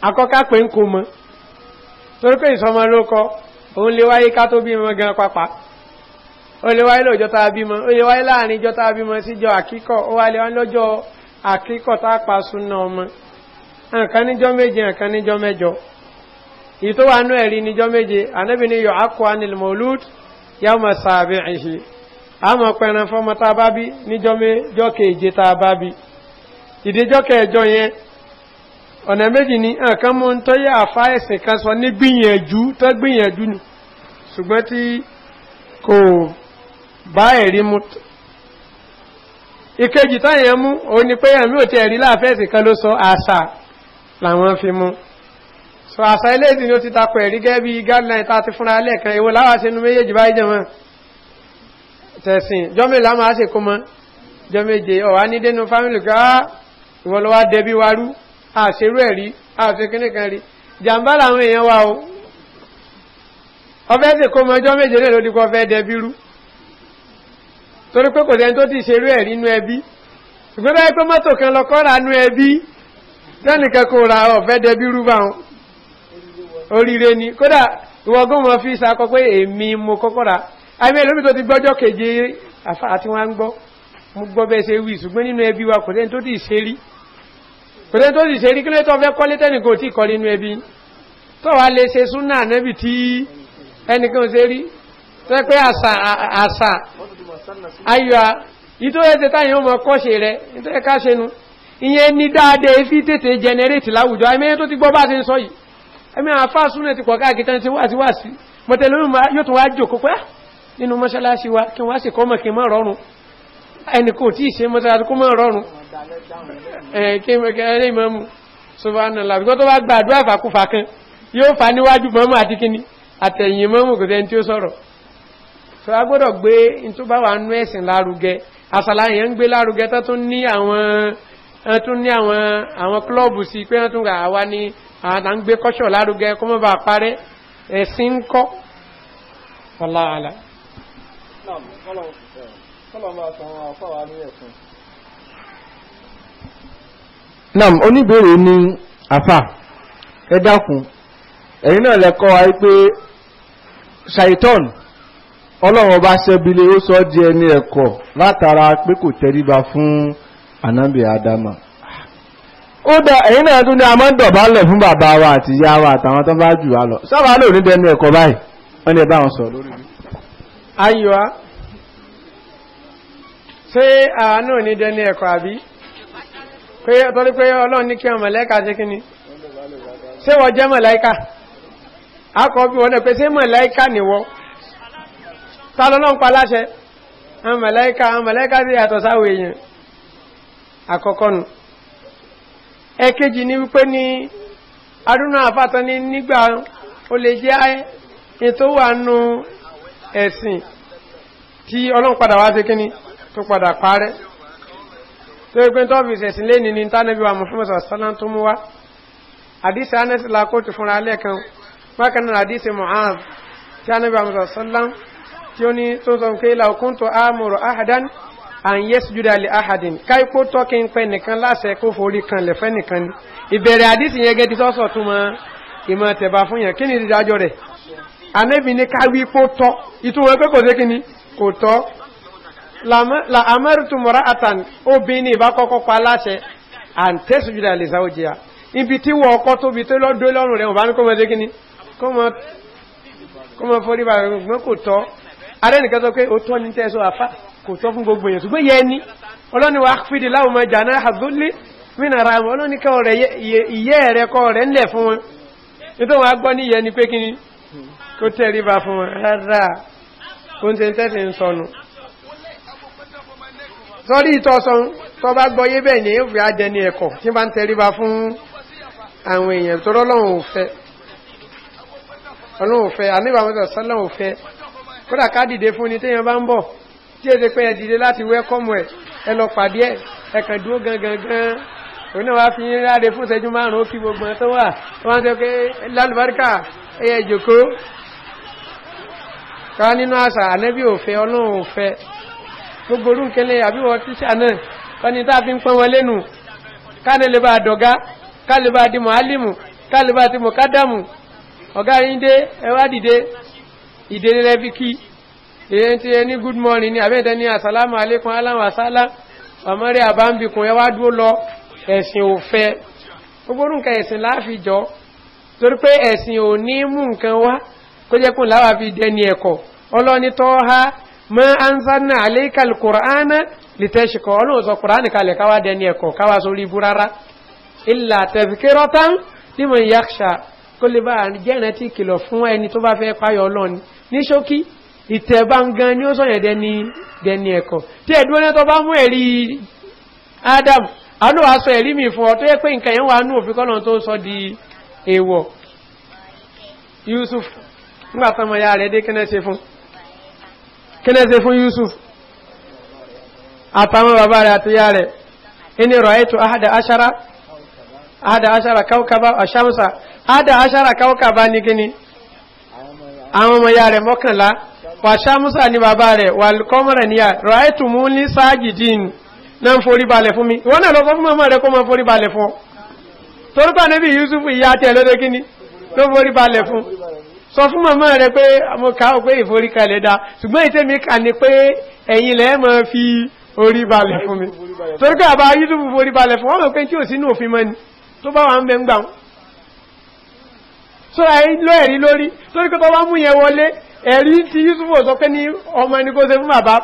akọ́ká pé ń kó mọ́ torí pé ìsọmọ lórúkọ òun lè wáyé ká tó bímọ gan pápá ó lè wáyé lọ́jọ́ tá a bímọ ó lè wáyé láàrin ìjọ tá a bímọ síjọ àkíkọ̀ ó wá lè wá lọ́jọ́ àkíkọ̀ tá a pa súnà ọmọ nǹkan níjọ́ méje nǹkan níjọ́ mẹ́jọ ìtò wà nú ẹ̀rí níjọ́ méje anábì ní yọ̀ akọ anil mọ̀lúd yà mọ̀ sàbẹ̀ ẹ̀ṣẹ̀ àmọ̀ pẹ̀rẹ̀ fọmọ tá a bá bí níjọ́ méjọ́ keje tá a bá bí ìdíjọ́ kẹjọ yẹn ọ̀nà méjì ní nǹkan mú ń tọ́yẹ àfá ẹ̀sìn kan sọ ní gbìyànjú tó gbìyànjú ni ṣùgbọ́n tí kò bá ẹ̀rí mu ìkejì táyẹ̀ mú òun ni pé ẹ̀mí ò ti ẹ̀rí láàfẹ́ ẹ̀sìn kan ló sọ àṣà làwọn fi mú so àṣà ilé ìdí ni ó ti takọ̀ ẹ̀rí gẹ́gẹ́ bí guideline tá a ti fúnra lẹ́ẹ̀kan ìwò láwàṣẹ inú méjèèjì báyìí jẹmọ́ tẹ̀sìn jọ́mẹ̀lá máa ṣe kó mọ́ jọ́mẹ̀jẹ ọ̀wá ní dénú fámìlì ká ah, ìwọ lọ́wọ́ dẹbí wa rú àṣerú ẹ̀rí àṣe kíní kan rí jàǹbá làwọn èèyàn wa o ọfẹ́ sì kó mọ́ jọ́mẹ̀jẹ náà lódì kọ́ fẹ́ dẹbí rú torí pé kò sẹ́ni tó ti mọ́tò kan lọ kọ́ra inú ẹbí lẹ́nìkan ra ọ̀fẹ́ dẹbí rú oríire ni kódà ìwọ̀gán fi sàkọ pé èmi mo kọ́kọ́ ra àmì ẹlòmí tó ti gbọjọ keje àti wọn gbọ́ mo gbọ bẹ́ẹ̀ ṣe wí nínú ẹbí wa kò tẹ́ni tó ti ṣe rí kò tó ti ṣe rí kí ló tó fẹ́ kọ́lé tẹ́nì kò tí kọ́ nínú ẹbí tó wàá lè ṣe súnà nẹ́bì tí ẹnìkan ṣe rí tó pé àṣà àṣà ẹ̀mí àfáà súnlẹ̀ ti pọ̀ káàkiri tán ti wá sí wá sí mọ̀tẹ̀lómi yóò tún wá jò kó pẹ́ ah, nínú mọ́ṣáláṣí wa kí wọ́n sì kọ́ mọ̀ kí mọ́ rọrùn ẹni kò tí ì ṣe mọ́ṣáláṣí kó mọ́ rọrùn ẹ̀ẹ́kẹ́rẹ́ ìmọ̀mù sọ́fàánàlá bí kò tó bá gbàdúrà fàkúfà kan yóò fà níwájú mọ́mù àti kíní àtẹ̀yìn mọ́mù kò tẹ́ni tí ó tó bá wà nú àtà ń gbé kọ́ṣọ̀ lárugẹ kó mọ́ bá parẹ́ ẹ̀sìn ń kọ́ ọ̀la àlà. oníbèrè ni afa ẹ dákun ẹ̀yin náà lẹ́kọ́ wa pé ṣàìtọ́n ọlọ́run ọba ṣẹ́bílẹ̀ ó sọ di ẹni ẹ̀kọ́ látara pé kò tẹríba fún anábì adama ó dá ẹ̀yìn náà tún ní a máa ń fún bàbá wa àti ìyá wa àtàwọn tó bá jù wá lọ sábà lò ní dẹnu ẹ̀kọ́ báyìí wọ́n ní ẹ̀bá wọn sọ lórí mi. ayọ̀ ṣé àánú ní dẹnu ẹ̀kọ́ àbí torí pé ọlọ́run ní kí ṣe ṣé wọ́n jẹ́ ta pa láṣẹ àwọn àwọn ti yàtọ̀ èèyàn ẹ̀kejì ni wípé ní arúnà àfátan ní nígbà o lè jẹ́ ètò wà nú ẹ̀sìn tí ọlọ́run padà wá sí kíní tó padà parẹ́ tó wípé tó fi ṣẹ̀sìn lé ní ní tánàbí wa muhammad sassanan tó mú wá àdísẹ́ anẹ́sì fúnra lẹ́ẹ̀kan àdísẹ́ mohamed tí anẹ́bí wa muhammad sassanan tí ó ní tó sọ àyẹ́sì júdà lè áhàdìn káíkó tọ́kí ń pẹ́ nìkan láṣẹ kó forí kan lẹ̀fẹ́ nìkan ní ìbẹ̀rẹ̀ àdísì yẹn gẹ́gẹ́ tọ́sọ̀ tó mọ ìmọ̀ tẹ̀bà fún yàn kí ni ìdájọ́ rẹ̀ anẹ́bì ní káwí kó tọ́ ìtumọ̀ pé kò sí kí ni kò tọ́ la amẹ́rìtù mọ̀rá àtàn obìnrin ìbá kọ́kọ́ pa láṣẹ àǹtẹ́sì júdà lè sáwọ́ jìyà ibi tí wọ́n ọkọ́ tóbi tó lọ́dọ́ lọ́rùn rẹ̀ wọ́n bá ni kó mọ̀ forí bàrẹ̀ gbọ́n kò tọ́ arẹ́nìkan sọ pé kò tọ́ fún gbogbo èèyàn ṣùgbọ́n yẹ ni ọlọ́ni wa fìdí láwọn ọmọ ìjà náà àzúlé mìíràn ra wọn ọlọ́ni kọ́ rẹ̀ ìyẹ́ rẹ̀ kọ́ rẹ̀ ńlẹ̀ fún wọn nítorí wọn gbọ́ níyẹ ni pé kí ni kó tẹ̀rí ba fún wọn rárá kó ń ṣe tẹ́sí ń sọnù. sọ́rí ìtọ́sán tó bá gbọ́ yé bẹ́ẹ̀ ni yóò fi adẹni ẹ̀kọ́ tí ọlọ́run ò fẹ́ sọ́lọ́run ò kódà ká dìde fún ni téèyàn bá ń bọ̀ tí èdè pé ẹ̀dìdé láti wẹ́kọ́mù ẹ̀ ẹlọ pàdé ẹ̀ ẹ̀kàn dúró gangan òun náà wá fi ń ráde fún ìṣẹ́jú márùn-ún ó fi gbogbo tó wà tó wá ń sọ pé lálùbáríkà ẹ̀yẹ ìjòkó ká nínú àṣà ànẹ́bí òfẹ́ ọlọ́run òfẹ́ gbogbo orú nkẹlẹ̀ àbíwọ̀ tíṣà náà kọ́ni tá a fi ń pọ́n wọn lẹ́nu ká ní lè bá a dọ̀gá ká lè bá a di mọ̀álìmù ká lè bá a ti mọ̀ ká dàmù ọ̀gá yín dé ẹ wá dìde ìdílé lẹ́bí kí èyí tí ẹ ní good morning Ni àbẹ́ntẹ́ ní asalamu alékún alam àsálá ọmọrí àbámbìkún ẹwà dúó lọ ẹ̀sìn òfẹ́ gbogbo nǹkan ẹ̀sìn láàfijọ́ torí pé ẹ̀sìn ò ní mú nǹkan wá kó jẹ́ kún láwà fi dẹni ẹ̀kọ́ ọlọ́ni tọ́ mọ́ anzana alékàl Quran lìtẹ́ṣìkọ́ ọlọ́run sọ kùránì kalẹ̀ káwá dẹni ẹ̀kọ́ káwá sórí ibú rárá ilà tẹ̀fikẹ́rọ́tán nímọ̀ yaksa kó lè bá jẹ́rẹ̀ tí kìlọ̀ fún ẹni tó bá fẹ́ páyọ̀ ọlọ́ni ní ṣókí ìtẹ̀bángan ni ó sọ̀yẹ̀ dẹni ẹ̀kọ́ tí ẹ̀dúró ní tó bá mú ẹ̀rí adam àánú wa sọ ẹ̀rí mi fún ọ tó yẹ pé nǹkan yẹn wà nú òfin kọ́nà tó sọ di èèwọ̀ yusuf nígbà tọmọ ya rẹ̀ dé kẹ́nẹ́sẹ̀ fún kẹ́nẹ́sẹ̀ fún yusuf àtàwọn bàbá rẹ̀ àti ya rẹ̀ ẹni rọ̀ ẹ̀tọ́ Ada ashara Kawuka kawkaba ashamsa ahada ashara kawkaba ní gini àwọn ọmọ ya rẹ̀ wàṣámúsà ní bàbá rẹ̀ wà kọ́mọ̀rẹ̀ ní à ráìtù mú ní sáàjìdín náà forí balẹ̀ fún mi wọ́n náà lọ fún mọ́mọ́ rẹ̀ kó mọ́ forí balẹ̀ fún torípa níbi yusufu ìyá tẹ́ lọ́dẹ́ kíní ló forí balẹ̀ fún sọ fún mọ́mọ́ rẹ̀ pé mo ká o pé ìforí kalẹ̀ dá ṣùgbọ́n ìtẹ́ mi kà ní pé ẹ̀yìn lẹ́ mọ́ fi orí balẹ̀ fún mi torípa àbá yusufu forí balẹ̀ fún wọ́n mọ̀ pé tí ò sínú òfin mọ́ni tó bá wà ń bẹ ń gbà wọn sọ́ra ẹ̀rí tí yusufu sọ pé ní ọmọ ẹni kó ṣe fún bàbá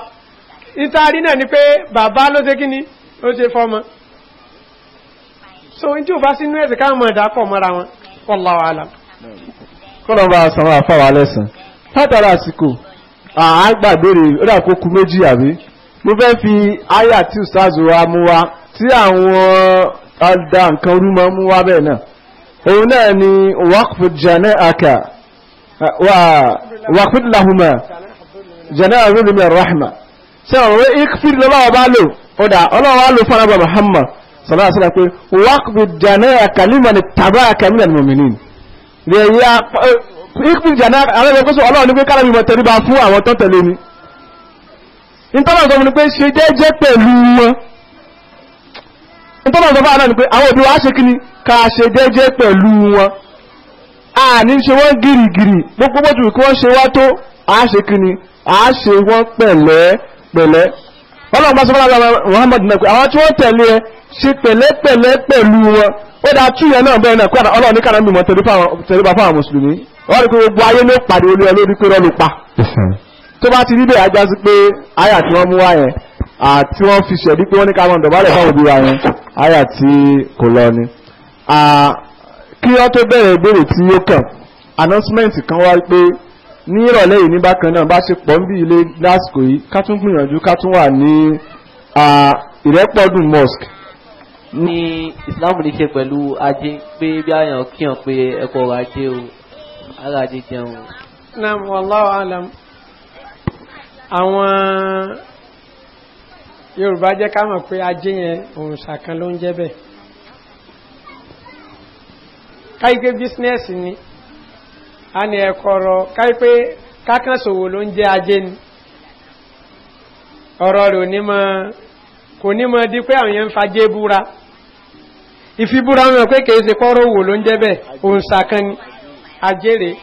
ìtaari náà ni pé bàbá ló ṣe kíní ó ṣe fọmọ so n tí ò bá sínú ẹ̀sìn káwọn ọmọ ẹ̀dá pọ̀ mọ́ra wọn wallahu alam. kọ́nà bá sanwó àfáwà lẹ́sàn látara àsìkò àágbàgbére ó dà kó ku méjì àbí mo fẹ́ fi àyà tí ustaz wa mú wa tí àwọn ọ̀dà nǹkan rú mú wa bẹ́ẹ̀ náà òun náà ni waqfu janaaka wàkúd lahuma jẹ́nà rúdùn min rahma ṣe ọ̀rọ̀ ikfir lọ́wọ́ bá lò ó dà ọlọ́wọ́ lò fún abba muhammad sọ̀rọ̀ àṣírà pé wàkúd jẹ́nà kalimani tàbá kẹmínà mọ̀mìnì ikpin jana àwọn ẹgbẹ́ sọ ọlọ́run ní pé kára mímọ̀ tẹ̀lé bá fún àwọn tó tẹ̀lé ni ìtọ́nà sọ ni pé ṣe jẹ́jẹ́ pẹ̀lú wọn ìtọ́nà sọ fún àwọn ni pé àwọn òbí wa ṣe kí ni ká ṣe jẹ́jẹ́ pẹ̀lú wọn a ní ṣe wọ́n gìrìgìrì gbogbo bọ́tù kí wọ́n ṣe wá tó a ṣe kíni a ṣe wọ́n pẹ̀lẹ́ pẹ̀lẹ́ wọ́n lọ́n bá sọ fọ́nà Muhammad náà pé àwọn tí wọ́n tẹ̀lé ẹ ṣe pẹ̀lẹ́ pẹ̀lẹ́ pẹ̀lú wọn ó dáa túyẹ náà bẹ́ẹ̀ náà kódà ọlọ́run ní kànáà mímọ́ tẹ̀lébà fáwọn mùsùlùmí wọ́n rí pé gbogbo ayé ló pàdé olú ẹ lórí pé rọ́ọ̀lù pa tó bá ti rí bẹ́ẹ̀ ajá sí pé àyà tí wọ́n mú wá yẹn àti wọ́n fi ṣẹ̀dí pé wọ́n ní ká máa dọ̀bálẹ̀ fáwọn òbí wa yẹn àyà tí kò lọ ni kí wọ́n tó bẹ̀rẹ̀ ìbéèrè tí ó kàn announcement kan wá pé ní ìrọ̀lẹ́ yìí ní bákan náà bá ṣe pọ̀ ń bí ilé lásìkò yìí ká tún gbìyànjú ká tún wà ní ìrẹ́pọ̀dùn mosque. ní islam ní ṣe pẹ̀lú ajé pé bí àyàn kíyàn pé ẹ̀kọ́ ọ̀rọ̀ ajé o ara ajé jẹun. naam wallahu alam àwọn yorùbá jẹ́ ká mọ̀ pé ajé yẹn òun ṣàkan ló ń jẹ́ bẹ́ẹ̀ káyipé bísínẹ́sì ni a ní ẹ̀kọ́ ọ̀rọ̀ káyipé kákànṣòwò ló ń jẹ́ ajé ni ọ̀rọ̀ rẹ̀ onímọ̀ kò nímọ̀ di pé àwọn yẹn ń fajé búra ìfibúra wọn pé kìí ṣe pọ́rọ̀ òwò ló ń jẹ́ bẹ́ẹ̀ òun ṣàkan ni ajé rèé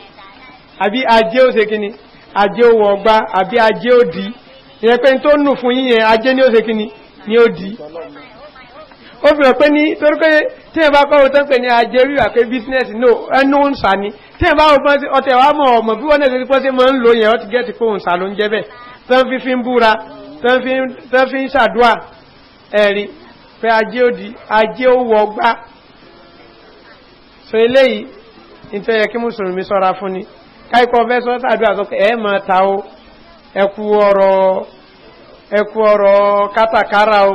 àbí ajé ó ṣe kíni ajé ó wọ ọgbá àbí ajé ó di ìyẹn pé tó nù fún yíyẹn ajé ni ó ṣe kíni ni ó di ó fi hàn pé ní torí pé tí ẹ bá kọ́ ọ̀tọ́ pé ní ajé wíwà pé business no ẹnu ń sà ni tí ẹ bá wọ́n ọtẹ̀ wá mọ̀ ọmọ bí wọ́n náà ti pọ́n sí mọ́ ń lò yẹn ọtí gẹ́ẹ̀tì pé òun sà ló ń jẹ́ bẹ́ẹ̀ tán fi fi ń búra tán fi ń ṣàdúà ẹ̀rí pé ajé ó di ajé ó wọ gbá so eléyìí nítorí kí mùsùlùmí sọ́ra fún ni káìkọ́ fẹ́ sọ́ ṣàdúà sọ pé ẹ máa ta o ẹkú ọ̀rọ̀ ẹkú ọ̀rọ̀ kátàkárà o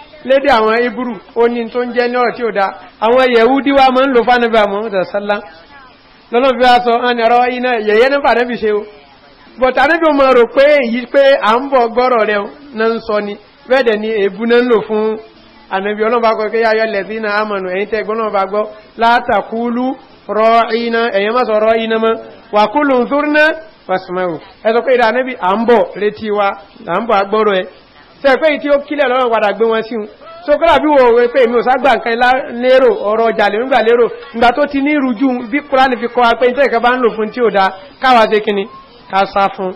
lédè àwọn ibùrù oní tó ń jẹ́ ní ọ̀rọ̀ tí ó dá àwọn yẹ̀wúdí wa mọ́ ń lò fánàbí àmọ́mọ́dà sálá lọ́nà fi wá sọ ọ́nà ẹ̀rọ iná yẹ̀yẹ́ ní na ṣe o but o mọ̀ rò pé èyí pé à ń bọ̀ gbọ́rọ̀ rẹ̀ na ń sọ ni bẹ́ẹ̀dẹ̀ ni èébú náà ń lò fún ànàbí ọlọ́bàkọ̀ kí yáyọ sẹ́pẹ́ tí ó kílẹ̀ lọ́rọ̀ padà gbé wọn sí un so kọ́lá bí wọ́n wé pé èmi ò ságbà nǹkan lérò ọ̀rọ̀ nígbà lérò nígbà tó ti ní ìrújú bí kúránì fi kọ́ apẹ́ ìtẹ́ ìkẹba ń lò fún tí dá káwà ṣe kíni ká sá fún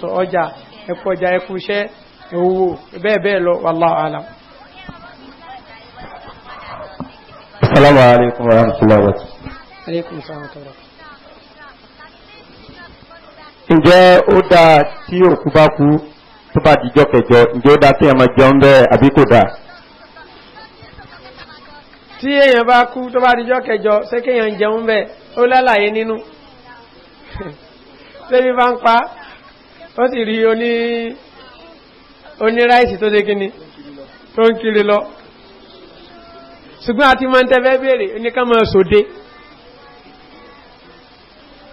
tó ọjà ọjà ẹkú owó wa ǹjẹ́ ó dáa tí òkú bá kú tó bá dijọ́ kẹjọ ǹjẹ́ ó dáa tí èèyàn máa jẹun bẹ́ẹ̀ àbí kò dáa. tí èèyàn bá kú tó bá dijọ́ kẹjọ ṣé kéèyàn jẹun bẹ́ẹ̀ ó lálàyé nínú ṣébi bá ń pa ó sì rí oní oní ráìsì tó ṣe kíni tó ń kiri lọ ṣùgbọ́n àti máa ń tẹ́ fẹ́ béèrè oníkàmọ́ sòde. So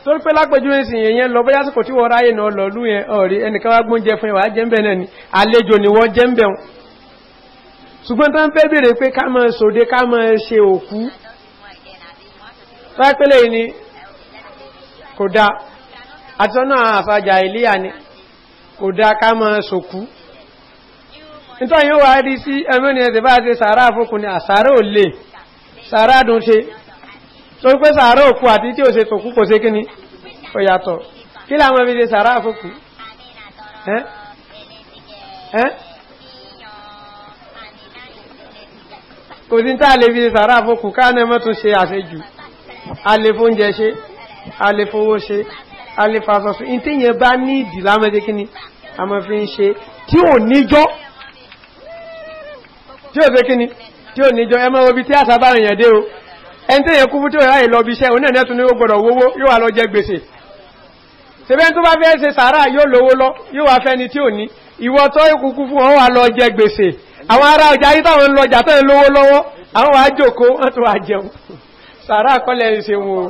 torí pé lápẹjúwé sí èyàn lọ bóyá sọ́kò tí wọ́n ráyè náà lọ lú yẹn ọ̀rí ẹnìkan wá gbóúnjẹ fún ìwà jẹ́mbẹ̀ náà ni àlejò ni wọ́n jẹ́mbẹ̀ wọn ṣùgbọ́n tán fẹ́ bèèrè pé ká mọ́ sòdé ká mọ́ ṣe òkú rápẹ́lẹ̀ ni kò dá àtọ́nà àfàjà ìlíyà ni kò dá ká mọ́ sòkú nítorí yóò wá rí sí ẹmẹ́ni ẹ̀dẹ̀ bá ṣe sàárà fún kùnì àsàárà ò lè sàárà dùn ṣe torí pé sàárà òkú àti tí ò ṣe tòkú kò ṣe kíni ó yàtọ̀ kí làwọn ibi ṣe sàárà àfòkù kò sí tá a lè fi ṣe sàárà àfòkù káàná mọ́ tún ṣe àṣejù a lè fóúnjẹ ṣe a lè fowó ṣe a lè fa sọ̀sùn ní tíyẹn bá ní ìdì lámọ́dé kíni a mọ́ fi ń ṣe tí ò níjọ́ tí ò ṣe kíni tí ò níjọ́ ẹ mọ́ obi tí àṣà bá rìnyàn dé o ẹni tẹ́yẹ kú fún tí ó ráyè lọ bí iṣẹ́ oní ẹ̀nẹ́tún ní ó gbọ́dọ̀ wówó yóò wà lọ jẹ gbèsè ṣebẹ́ tó bá fẹ́ ṣe sàárà yóò lówó lọ yóò wà fẹ́ni tí ò ní ìwọ tó kúkú fún wọn wà lọ jẹ gbèsè àwọn ará ọjà yìí táwọn ń lọ ọjà tó ń lówó lọ́wọ́ àwọn wàá jòkó wọn tó wà jẹun sàárà kọ́lẹ̀ ń ṣe wọn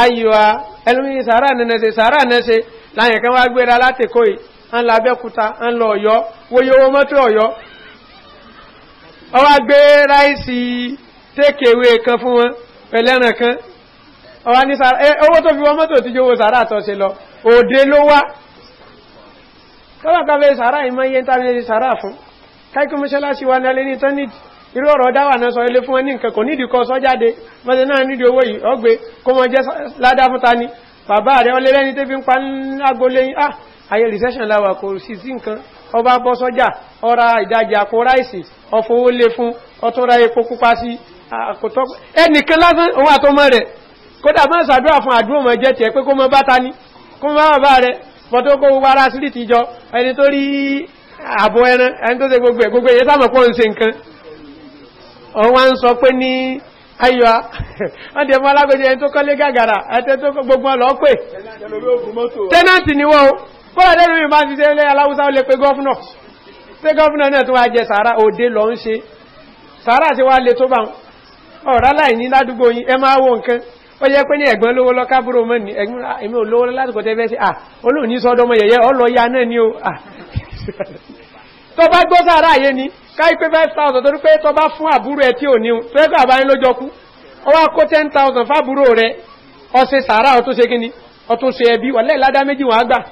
ayíwa ẹlòmíyìn sàárà nẹ́nẹ́ ṣe sàárà nẹ́ ṣe láyìn kan wá gbéra látẹ̀kọ́ yìí ń lọ abẹ́kúta ń lọ ọ̀yọ́ wọ́yọ́wọ́ mọ́tò ọ̀yọ́ ọwá gbé ráìsì tẹ́kì ewé kan fún wọn pẹ̀lẹ́ràn kan ọwá ní sàrá owó tó fi wọ́n mọ́tò tí jówó sàrá lọ òde ló wá ìmọ̀ iye tàbí fún wa nílé ní tọ́nìtì irú ọ̀rọ̀ dáwà náà sọ ilé fún wọn ní nǹkan kò nídìí kọ sọ jáde náà nídìí owó yìí ọgbẹ́ kó jẹ́ ni bàbá rẹ̀ ọlẹ́lẹ́ni àkótọ́ ẹnìkan lásán òun àtọmọ rẹ̀ kódà mọ́ sàdúrà fún àdúrà mọ́ jẹ́ tiẹ̀ pé kó mọ́ báta ní kó mọ́ bàbá rẹ̀ fọ́tó kó gbogbo ara sílì ti jọ ẹni tó rí àbọ̀ ẹran ẹni tó ṣe gbogbo ẹ̀ gbogbo ẹ̀yẹ sáàmù pọ́ ń se nǹkan òun wá ń sọ pé ní ayọ̀ wọ́n ti ẹ̀fọ́ alágbèjẹ ẹni tó kọ́lé gàgàrà ẹ̀tẹ́ tó gbogbo ọ̀lọ́ pè tẹ́nàtì ni wọ́n kọ́lá dẹ́nu mi máa ti ṣe ilé aláwùsá ó lè pe gọ́fúnà ṣé gọ́fúnà náà tó wá jẹ sàárà òde le tó bá ọ̀rá láì ní ládùúgbò yín ẹ máa wo nǹkan ó yẹ pé ní ẹ̀gbọ́n lówó lọ kábúrò mọ́ ní ẹ̀gbọ́n ah, èmi ò lówó lásìkò tẹ́fẹ́ sí ah olóò ní ọlọ ya náà o ah tó bá gbọ́ ni káyí pé five thousand torí pé tó bá fún àbúrò ẹ tí ò ní o kú ọ wá rẹ ọ̀sẹ̀ sàárà ọ̀tún ṣe kíni ọ̀tún ṣe ẹbí ládá méjì wọn gbà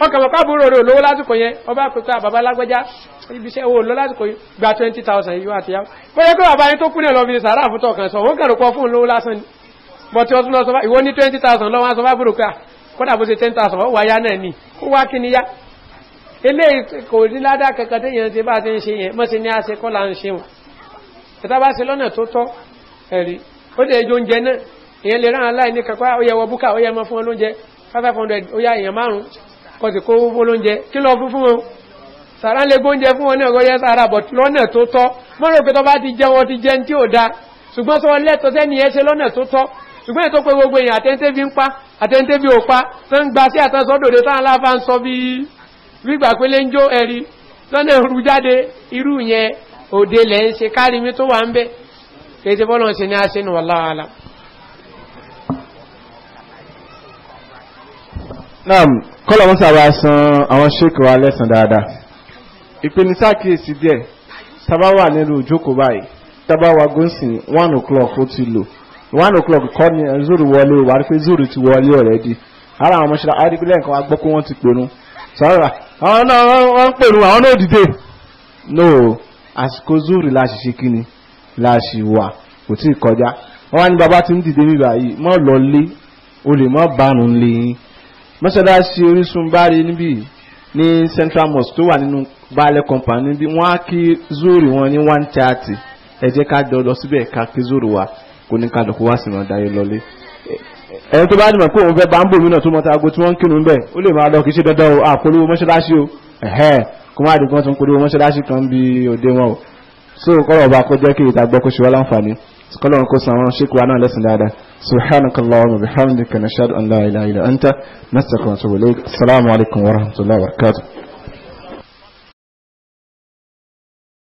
ọkà wọ̀ká búrò rẹ̀ olówó lásìkò yẹn ọba pẹ̀tà bàbá lágbẹ́já ibiṣẹ́ owó lọ lásìkò gba 20,000 yíwá àti yáwó pẹ́lẹ́ pé bàbá yẹn tó kú ní ẹ̀lọ́bí sàárà fútọ̀ kan sọ wọ́n kẹ̀rọ pọ̀ fún olówó lásán ni bọ̀tí ọdún lọ sọfá ìwọ ní 20,000 lọ́wọ́ sọfá búrò pé kọ́dà bó ṣe 10,000 wà yá náà ni ó wá kí ni yá eléyìí kò ní ládàá kankan tí yẹn ti bá ti ń ṣe yẹn mọ́sí ní àṣẹ kọ́là ń ṣe wọn ẹ̀ta bá ṣe lọ́nà tó tọ́ ẹ̀rí ó dẹ̀ ẹjọ́ oúnjẹ kọ̀sì kó owó lóúnjẹ kí lọ fún fún wọn sàrá lè gbóúnjẹ fún wọn ní ọgọ́ yẹn sára bọ̀ lọ́nà tó tọ́ mọ́rọ̀ pé tó bá ti jẹun ọtí jẹun tí ò da ṣùgbọ́n sọ lẹ́tọ̀ sẹ́ni ẹ ṣe lọ́nà tó tọ́ ṣùgbọ́n ètò pé gbogbo èèyàn àtẹ́ńtẹ́ fi ń pa àtẹ́ńtẹ́ fi ò pa tó ń gba sí àtọ́sọ́dòdó táwọn aláfa ń sọ bí gbígbà pé lé ń jó ẹ̀rí lọ́nà ìrú jáde irú yẹn òde lẹ́ ń ṣe kárí mi tó wà ń bẹ́ kèsì bọ́lọ̀ ṣe ní aṣẹ́nu wàláwàlá naam kọ́lọ̀ wọ́n sábà san àwọn ṣéèkì wa lẹ́sàn dáadáa ìpènisá kíyèsí díẹ̀ tábà wà nílùú ìjókòó báyìí tábà wà gúnsìn one o'clock ó ti lò one o'clock kọ́ ni zoro wọlé o wà á rí pé zoro ti wọlé already ara àwọn ọmọọṣẹ́ àwọn adigun lẹ́yìn kan wá gbọ́ pé wọ́n ti pèrún sọ́ra àwọn náà wọ́n ń pèrún àwọn náà dìde no àsìkò zoro la ṣiṣẹ́ kíni la ṣì wà kò tí ì kọjá wọ́n wá ní bàbá tí ń dìde níbàyí mọ́ lọ lé o mọ́ bánu lé yín mọ́ṣáláṣí orísun báre níbí ní central mosque tó wà nínú baálẹ̀ compound níbí wọ́n á kí zuri wọn ní one thirty ẹ jẹ́ ká jọ lọ síbẹ̀ ká kí zuri wa kó ní ká lọ́kọ́ wá sí náà dáyé lọ́lé. ẹni tó bá dìmọ̀ pé òun fẹ́ bá ń bò mí náà tó mọ́ta ago tí wọ́n ń kírun bẹ́ẹ̀ ó lè máa lọ kí ṣe dandan o àpolówó mọ́ṣáláṣí o kó má dìgbọ́n tó ń polówó mọ́ṣáláṣí kan bí òde wọn o so kọ́lọ̀ ọba kó jẹ́ kí ìta gbọ́ kó ṣe wá láǹfààní kọ́lọ̀ kó سبحانك اللهم وبحمدك نشهد أن لا إله إلا أنت نستغفرك ونتوب إليك السلام عليكم ورحمة الله وبركاته